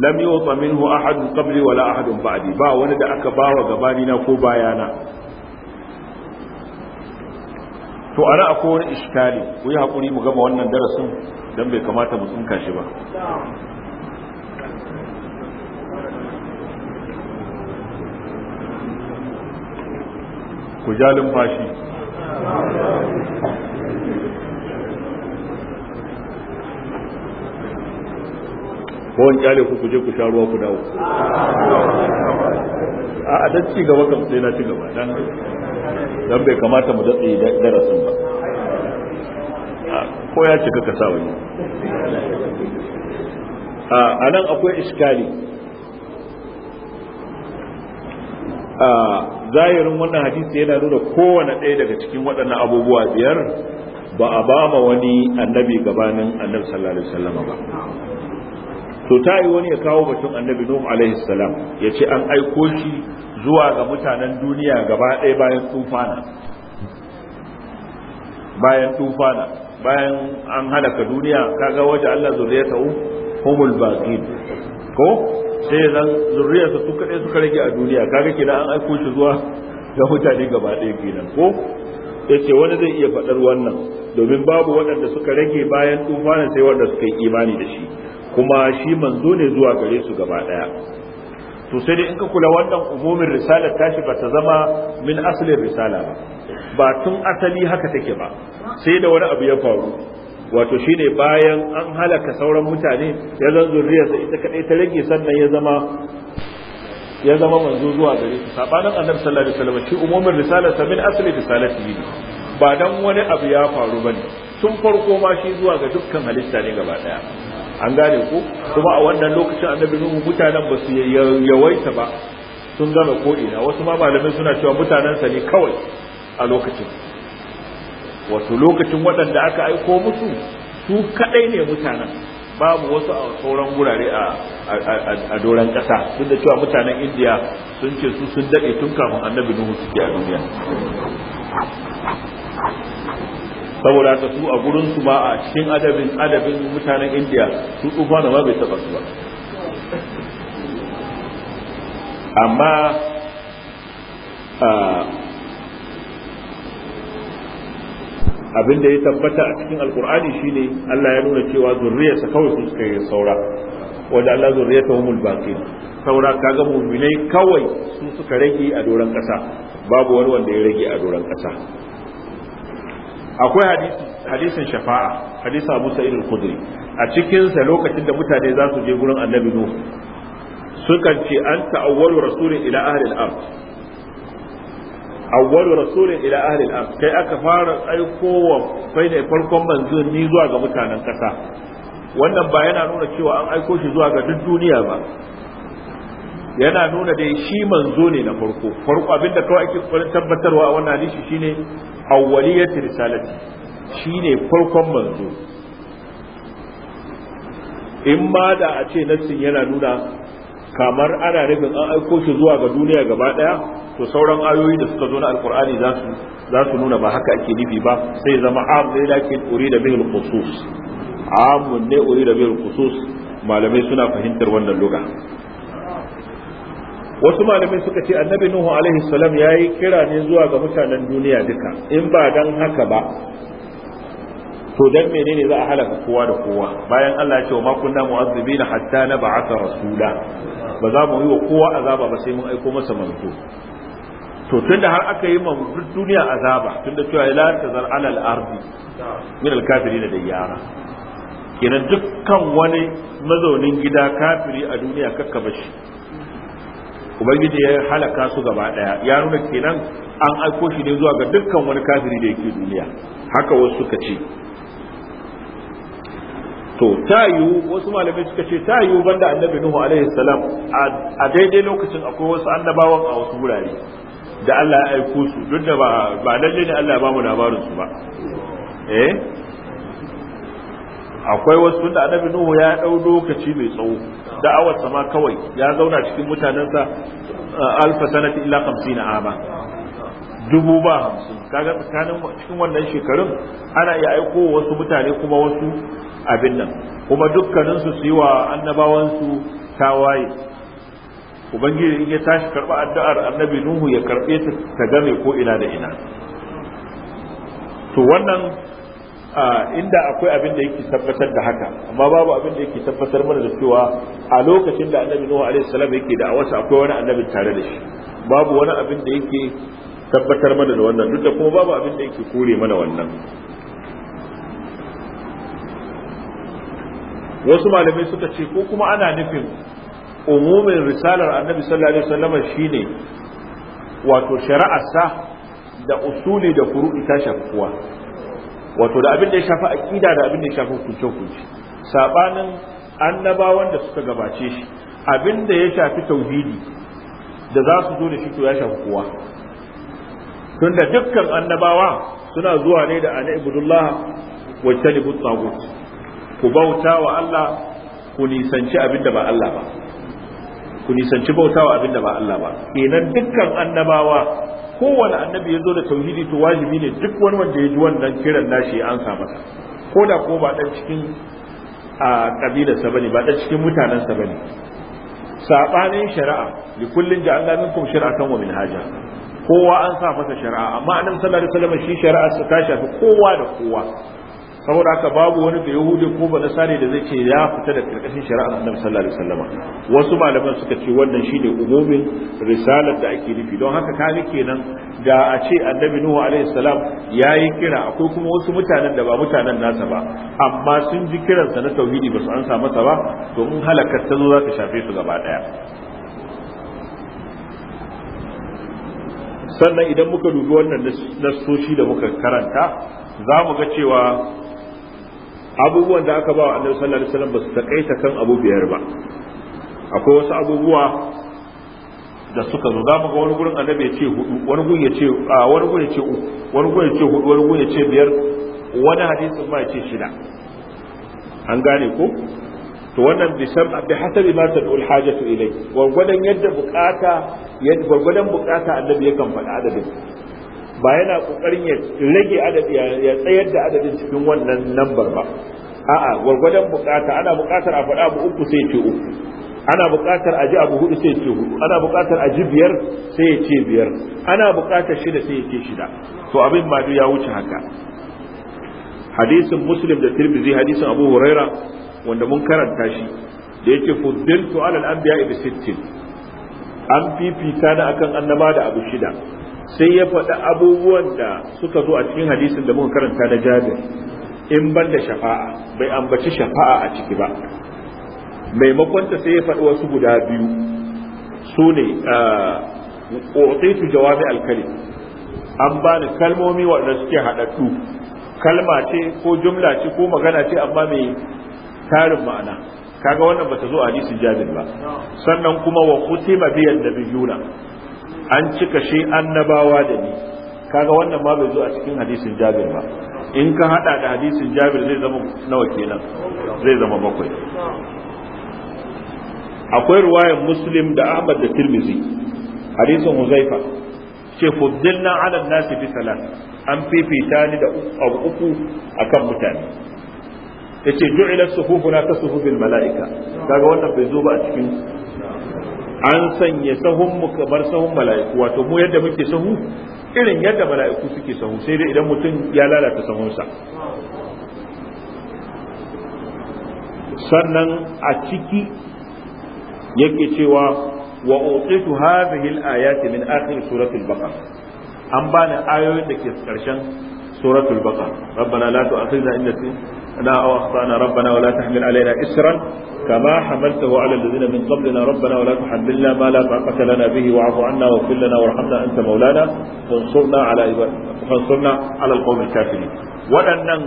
lam yu'ta minhu ahad qabli wala ahad ba'di ba wani da aka bawa gabani na ko bayana to ana akwai wani iskali ku yi hakuri mu gama wannan darasin dan bai kamata mu tsinka shi ba ku ja ko kyale ku kuje ku sha ruwa ku dawo a a ci gaba kam sai na ci gaba dan dan bai kamata mu datse darasin ba ko ya cika ka sa wani a nan akwai iskali a zahirin wannan hadisi yana nuna kowane ɗaya daga cikin waɗannan abubuwa biyar ba a ba ma wani annabi gabanin annabi sallallahu alaihi wasallam ba to ta yi wani ya kawo batun annabi nuhu alaihi salam ya ce an aiko shi zuwa ga mutanen duniya gaba ɗaya bayan tufana bayan tufana bayan an halaka duniya kaga waje Allah zuriyatahu humul baqin ko sai zan zurriyarsa su kaɗai suka rage a duniya kaga kina an aiko shi zuwa ga mutane gaba ɗaya kenan ko ya ce wani zai iya faɗar wannan domin babu waɗanda suka rage bayan tufanin sai waɗanda suka yi imani da shi kuma shi manzo ne zuwa gare su gaba ɗaya to sai dai in ka kula wannan umumin risalar tashi ba ta zama min asalin risala ba ba tun asali haka take ba sai da wani abu ya faru wato shine bayan an halaka sauran mutane ya zan zurriyarsa ita kadai ta rage sannan ya zama ya zama manzo zuwa gare su sabanin annabi sallallahu alaihi wasallam shi umumin risalarsa min asli ne ba dan wani abu ya faru bane tun farko ma shi zuwa ga dukkan halitta ne gaba daya an gane ku. kuma a wannan lokacin annabi nuhu mutanen ba su yawaita ba sun gama ko ina wasu ma malamai suna cewa mutanensa ne kawai a lokacin wato lokacin waɗanda aka aiko musu su kaɗai ne mutanen babu wasu a sauran wurare a doron ƙasa duk da cewa mutanen indiya sun ce su sun daɗe tun kafin annabi nuhu suke a duniya saboda haka su a gurin su ma a cikin adabin adabin mutanen indiya su tsufa da ma bai taɓa su ba amma abin da ya tabbata a cikin alkur'ani shine Allah ya nuna cewa zurriyarsa kawai su suka yi saura wanda Allah zurriya ta humul baqin saura kaga mu'minai kawai su suka rage a doran kasa babu wani wanda ya rage a doran kasa akwai hadisin shafa'a hadisin Abu Sa'id khudri a cikin sa lokacin da mutane za su je gurin Annabi Nuh sukan ce anta awwalu rasulin ila ahli al-ard awwalu rasulin ila ahli al-ard kai aka fara aikowa kai ne farkon ni zuwa ga mutanen kasa wannan ba yana nuna cewa an aiko shi zuwa ga duk duniya ba yana nuna dai shi manzo ne na farko farko abinda kawai ake kokarin tabbatarwa a wannan hadisi shine awwaliyatu risalati shine farkon manzo in ma da a ce nassin yana nuna kamar ana nufin an aiko shi zuwa ga duniya gaba daya to sauran ayoyi da suka zo na alkur'ani za su za su nuna ba haka ake nufi ba sai zama am ne lakin uri da al-khusus am ne uri da al-khusus malamai suna fahimtar wannan lugha wasu malamai suka ce annabi nuhu alaihi salam yayi kira ne zuwa ga mutanen duniya duka in ba dan haka ba to dan menene za a halaka kowa da kowa bayan Allah ya ce ma kunna mu'azzibina hatta nab'atha rasula ba za mu yi wa kowa azaba ba sai mun aiko masa manzo to tunda har aka yi ma duniya azaba tunda cewa la tazar alal ardi min al kafirin da yara kenan dukkan wani mazaunin gida kafiri a duniya kakkaba shi ubangiji ya halaka su gaba daya ya nuna kenan an aiko shi ne zuwa ga dukkan wani kafiri da yake duniya haka wasu suka ce to ta yiwu wasu malamai suka ce ta yiwu banda annabi nuhu alaihi salam a daidai lokacin akwai wasu annabawan a wasu wurare da Allah ya aiko su duk da ba lalle ne Allah ya ba mu labarin su ba eh akwai wasu tunda annabi nuhu ya dau lokaci mai tsawo da'awar sama kawai ya zauna cikin mutanensa eh, alfa sanati illa 50 ama dubu ba hamsin kaga tsakanin cikin wannan shekarun ana iya aiko wasu mutane kuma wasu abin nan kuma dukkaninsu su yi wa annabawansu tawaye ubangiji in ya tashi karba addu'ar annabi nuhu ya karɓe ta ta game ko ina da ina to wannan inda akwai abin da yake tabbatar da haka amma babu abin da yake tabbatar mana da cewa a lokacin da annabi nuhu alaihi salam yake da wasu akwai wani annabi tare da shi babu wani abin da yake tabbatar mana da wannan duk da kuma babu abin da yake kore mana wannan wasu malamai suka ce ko kuma ana nufin umumin risalar annabi sallallahu alaihi wasallam shine wato shari'arsa da usuli da furu'i ta shafi kowa wato da abin da ya shafi aqida da abin da ya shafi kunce kunce sabanin annabawan da suka gabace shi abin da ya shafi tauhidi da za su zo da shi to ya shafi kowa tunda dukkan annabawa suna zuwa ne da ana ibudullah wa Talibut tsagut ku bauta wa Allah ku nisanci abinda ba Allah ba ku nisanci bauta wa abinda ba Allah ba kenan dukkan annabawa kowane annabi ya zo da tauhidi to wajibi ne duk wani wanda ya ji wannan kiran nashi ya ansa masa ko da ko ba dan cikin a sa bane ba dan cikin sa bane sabanin shari'a li kullin ja'alna minkum shari'atan wa minhaja kowa an sa masa shari'a amma annabi sallallahu alaihi wasallam shi shari'a ta shafi kowa da kowa saboda haka babu wani da yahudi ko ba nasari da zai ce ya fita da karkashin shari'ar annabi sallallahu alaihi wasallam wasu malaman suka ce wannan shine umumin risalar da ake nufi don haka kaga kenan da a ce annabi nuhu alaihi salam yayi kira akwai kuma wasu mutanen da ba mutanen nasa ba amma sun ji kiran sa na tauhidi ba su ansa masa ba to in halakar ta zo za ta shafe su gaba daya sannan idan muka dubi wannan nasoshi da muka karanta za mu ga cewa abubuwan da aka ba wa annabi sallallahu alaihi wasallam ba su takaita kan abu biyar ba akwai wasu abubuwa da suka zo za mu ga wani gurin annabi ya ce hudu wani gun ya ce wani gun ya ce uku wani gun ya ce hudu wani gun ya ce biyar wani hadisin ma ya ce shida an gane ko to wannan san, bi hasabi ma tad'u al-hajatu ilay gurgudan yadda bukata yadda gurgudan bukata annabi kan faɗa adadin ba yana kokarin ya rage adadi ya tsayar da adadin cikin wannan lambar ba a'a gwargwadon bukata ana bukatar a faɗa abu uku sai ce uku ana bukatar a ji abu hudu sai ce hudu ana bukatar a ji biyar sai ya ce biyar ana bukatar shida sai ya ce shida to abin ma ya wuce haka hadisin muslim da tirmidhi hadisin abu huraira wanda mun karanta shi da yake fuddiltu an biya anbiya bi sittin an fifita na akan annaba da abu shida sai ya faɗi abubuwan da suka zo a cikin hadisin da muka karanta da jabir in ban da shafa'a bai ambaci shafa'a a ciki ba maimakon ta sai ya faɗi wasu guda biyu su ne ƙotsitu jawabi alkali an ba ni kalmomi waɗanda suke haɗaɗɗu kalma ce ko jumla ce ko magana ce amma mai tarin ma'ana kaga wannan ba ta zo a hadisin jabir ba sannan kuma wa kutima biyan nabiyuna an cika shi annabawa da ni kaga wannan ma bai zo a cikin hadisin jabir ba in ka hada da hadisin jabir zai zama nawa kenan zai zama bakwai akwai ruwayan muslim da ahmad da tirmizi hadisin huzaifa ce fuddilna ala nasi bi salat an fifita ni da abu uku akan mutane yace ju'ila suhufuna ka suhufil malaika kaga wannan bai zo ba a cikin an sanya sahun mu kamar sahun mala'iku wato mu yadda muke sahu irin yadda mala'iku suke sahu sai dai idan mutum ya lalata sahunsa sannan a ciki yake cewa wa uqitu hadhihi al-ayati min akhir surati al an bani ayoyin da ke karshen suratul baqara rabbana la tu'akhidna in لا أو أخطأنا ربنا ولا تحمل علينا إسرا كما حملته على الذين من قبلنا ربنا ولا تحملنا ما لا طاقة لنا به واعف عنا واغفر لنا وارحمنا أنت مولانا فانصرنا على فانصرنا على القوم الكافرين waɗannan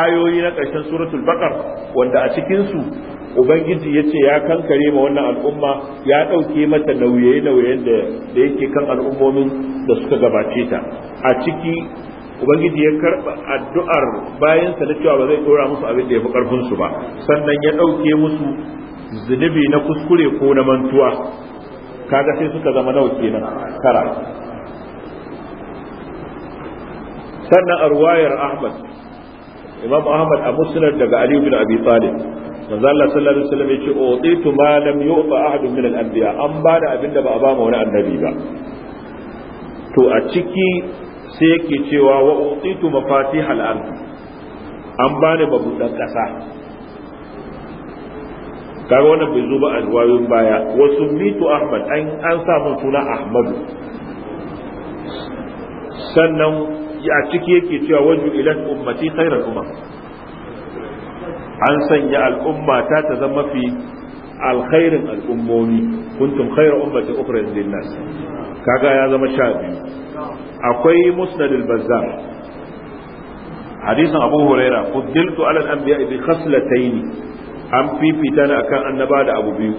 ayoyi na ƙarshen suratul baqar wanda a cikinsu ubangiji ya ce ya kankare ma wannan al'umma ya ɗauke mata nauye-nauyen da yake kan al'ummomin da suka gabace ta a ciki ubangiji ya karba addu'ar bayansa sa na cewa ba zai dora musu abin da ya fi karfin su ba sannan ya ɗauke musu zunubi na kuskure ko na mantuwa kaga sai suka zama nawa kenan kara. sannan arwayar ahmad imam ahmad a musnad daga ali bin abi talib manzo Allah sallallahu alaihi wasallam yace utitu ma lam yu'ta ahad min al-anbiya an bada abinda ba a ba mu wani annabi ba to a ciki sai yake cewa wa utitu mafatihal ard an bani babudan kasa kaga wannan bai zo ba a ruwayoyin baya wa sumitu ahmad an an samu suna ahmadu sannan a ciki yake cewa waju ilan ummati khairal umam an sanya al'umma ta ta zama fi alkhairin al'ummomi kuntum khairu ummati ukhra lin nas kaga ya zama sha biyu akwai musnad al-bazzar hadisin abu huraira fuddiltu ala al-anbiya bi khaslatayn an fifita ni akan annaba da abu biyu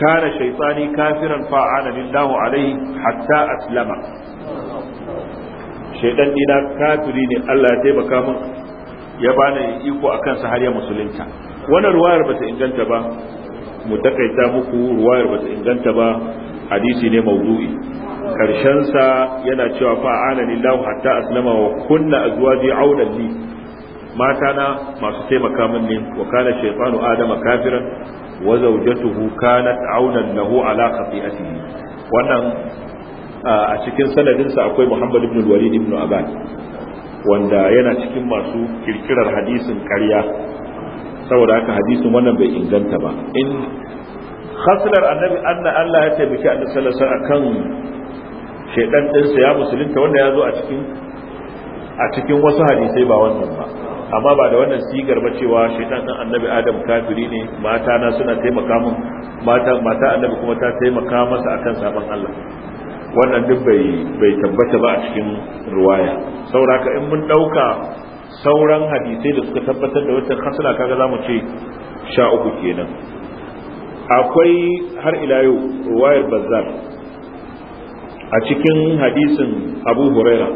kana shaytani kafiran fa'ana lillahu alayhi hatta aslama shaydan dina kafiri ne Allah ya taimaka min ya bani iko akan sa har ya musulunta wannan ruwayar bata inganta ba mu takaita muku ruwayar bata inganta ba hadisi ne mawdu'i Karshen sa yana cewa fa'ana lillahu hatta aslama wa kunna azwaji auna li mata na masu taimaka min ne wa kana shaytanu adama kafiran wa zawjatuhu kanat auna lahu ala khati'atihi wannan a cikin sanadin akwai Muhammad ibn al-Walid ibn Aban wanda yana cikin masu kirkirar hadisin ƙarya saboda haka hadisin wannan bai inganta ba in khaslar annabi anna Allah ya taimaki annabi sallallahu alaihi wasallam akan shaidan ɗinsa ya musulunta wanda ya zo a cikin wasu hadisai ba wannan ba amma ba da wannan sigar ba cewa shaidan ɗin annabi adam kafiri ne mata na suna taimaka min mata annabi kuma ta taimaka masa akan sabon Allah wannan duk bai bai tabbata ba a cikin ruwaya sauraka in mun ɗauka sauran hadisai da suka tabbatar da wata hasala kaga zamu ce sha uku kenan akwai har ila yau ruwayar bazzar a cikin hadisin abu huraira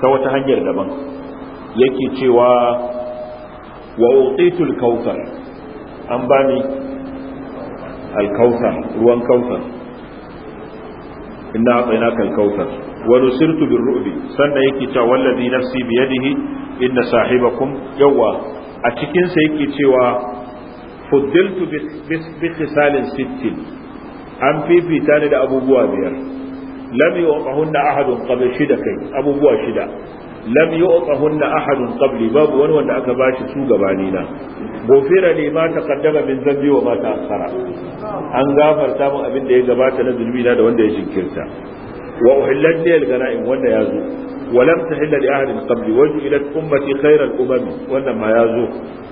ta wata hanyar daban yake cewa wa utitul an bani alkautsar ruwan kautsar inna atainaka Wani wa bin Ru'bi, sannan yake cewa wallazi nafsi biyadihi inna sahibakum yawa a cikinsa yake cewa fuddiltu bi khisalin sittin an fifita ni da abubuwa biyar lam yu'tahunna ahadun qabl shida kai abubuwa shida lam yu'tahunna ahadun qabli babu wani wanda aka bashi su gabani na gofira ne ma taqaddama min zambi wa ma ta'akhara an gafar sabon abin da ya gabata na zulmi na da wanda ya jinkirta wa uhillat li al-ghanaim wanda ya zo ولم تحل لأحد من قبلي وجعلت أمتي خير الأمم وأنا ما يازو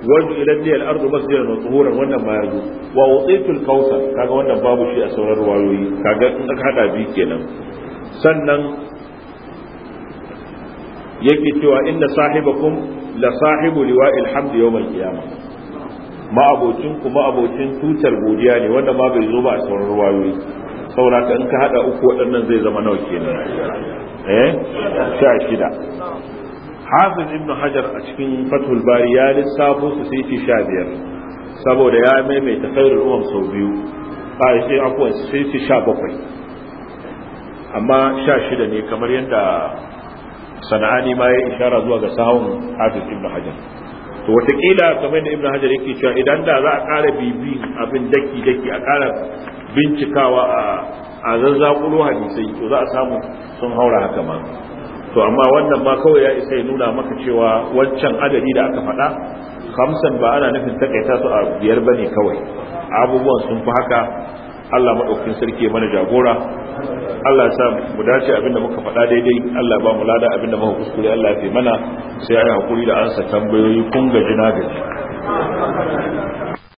وجعلت لي الأرض مسجدا وطهورا وأنا ما يازو وأعطيت الكوثر كذا وأنا باب شيء أسرار والوي كذا أنك هذا بيك سنن yake cewa inna sahibakum la sahibu liwa'il hamd yawm al-qiyamah ma ku ma abocin tutar godiya ne wanda ma bai zo ba a sauran ruwayoyi Saurata ka in ka hada uku waɗannan zai zama nawa kenan eh sha shida hafiz Ibn hajar a cikin fathul bari ya lissafo su sai ce sha biyar saboda ya maimaita khairul umam sau biyu a sai akwai sai ce sha bakwai amma sha shida ne kamar yadda sana'ani ma ya ishara zuwa ga sahun hafiz Ibn hajar to watakila kamar da Ibn hajar yake cewa idan da za a ƙara bibi abin daki daki a ƙara bincikawa a a zazzakulo hadisai to za a samu sun haura haka ma to amma wannan ma kawai ya isa ya nuna maka cewa wancan adadi da aka faɗa hamsan ba ana nufin takaita su a biyar bane kawai abubuwan sun fi haka Allah maɗaukin sarki mana jagora Allah ya sa mu dace abinda muka faɗa daidai Allah ba mu lada abinda muka kuskure Allah ya fi mana sai ya yi hakuri da ansa tambayoyi kun gaji na gaji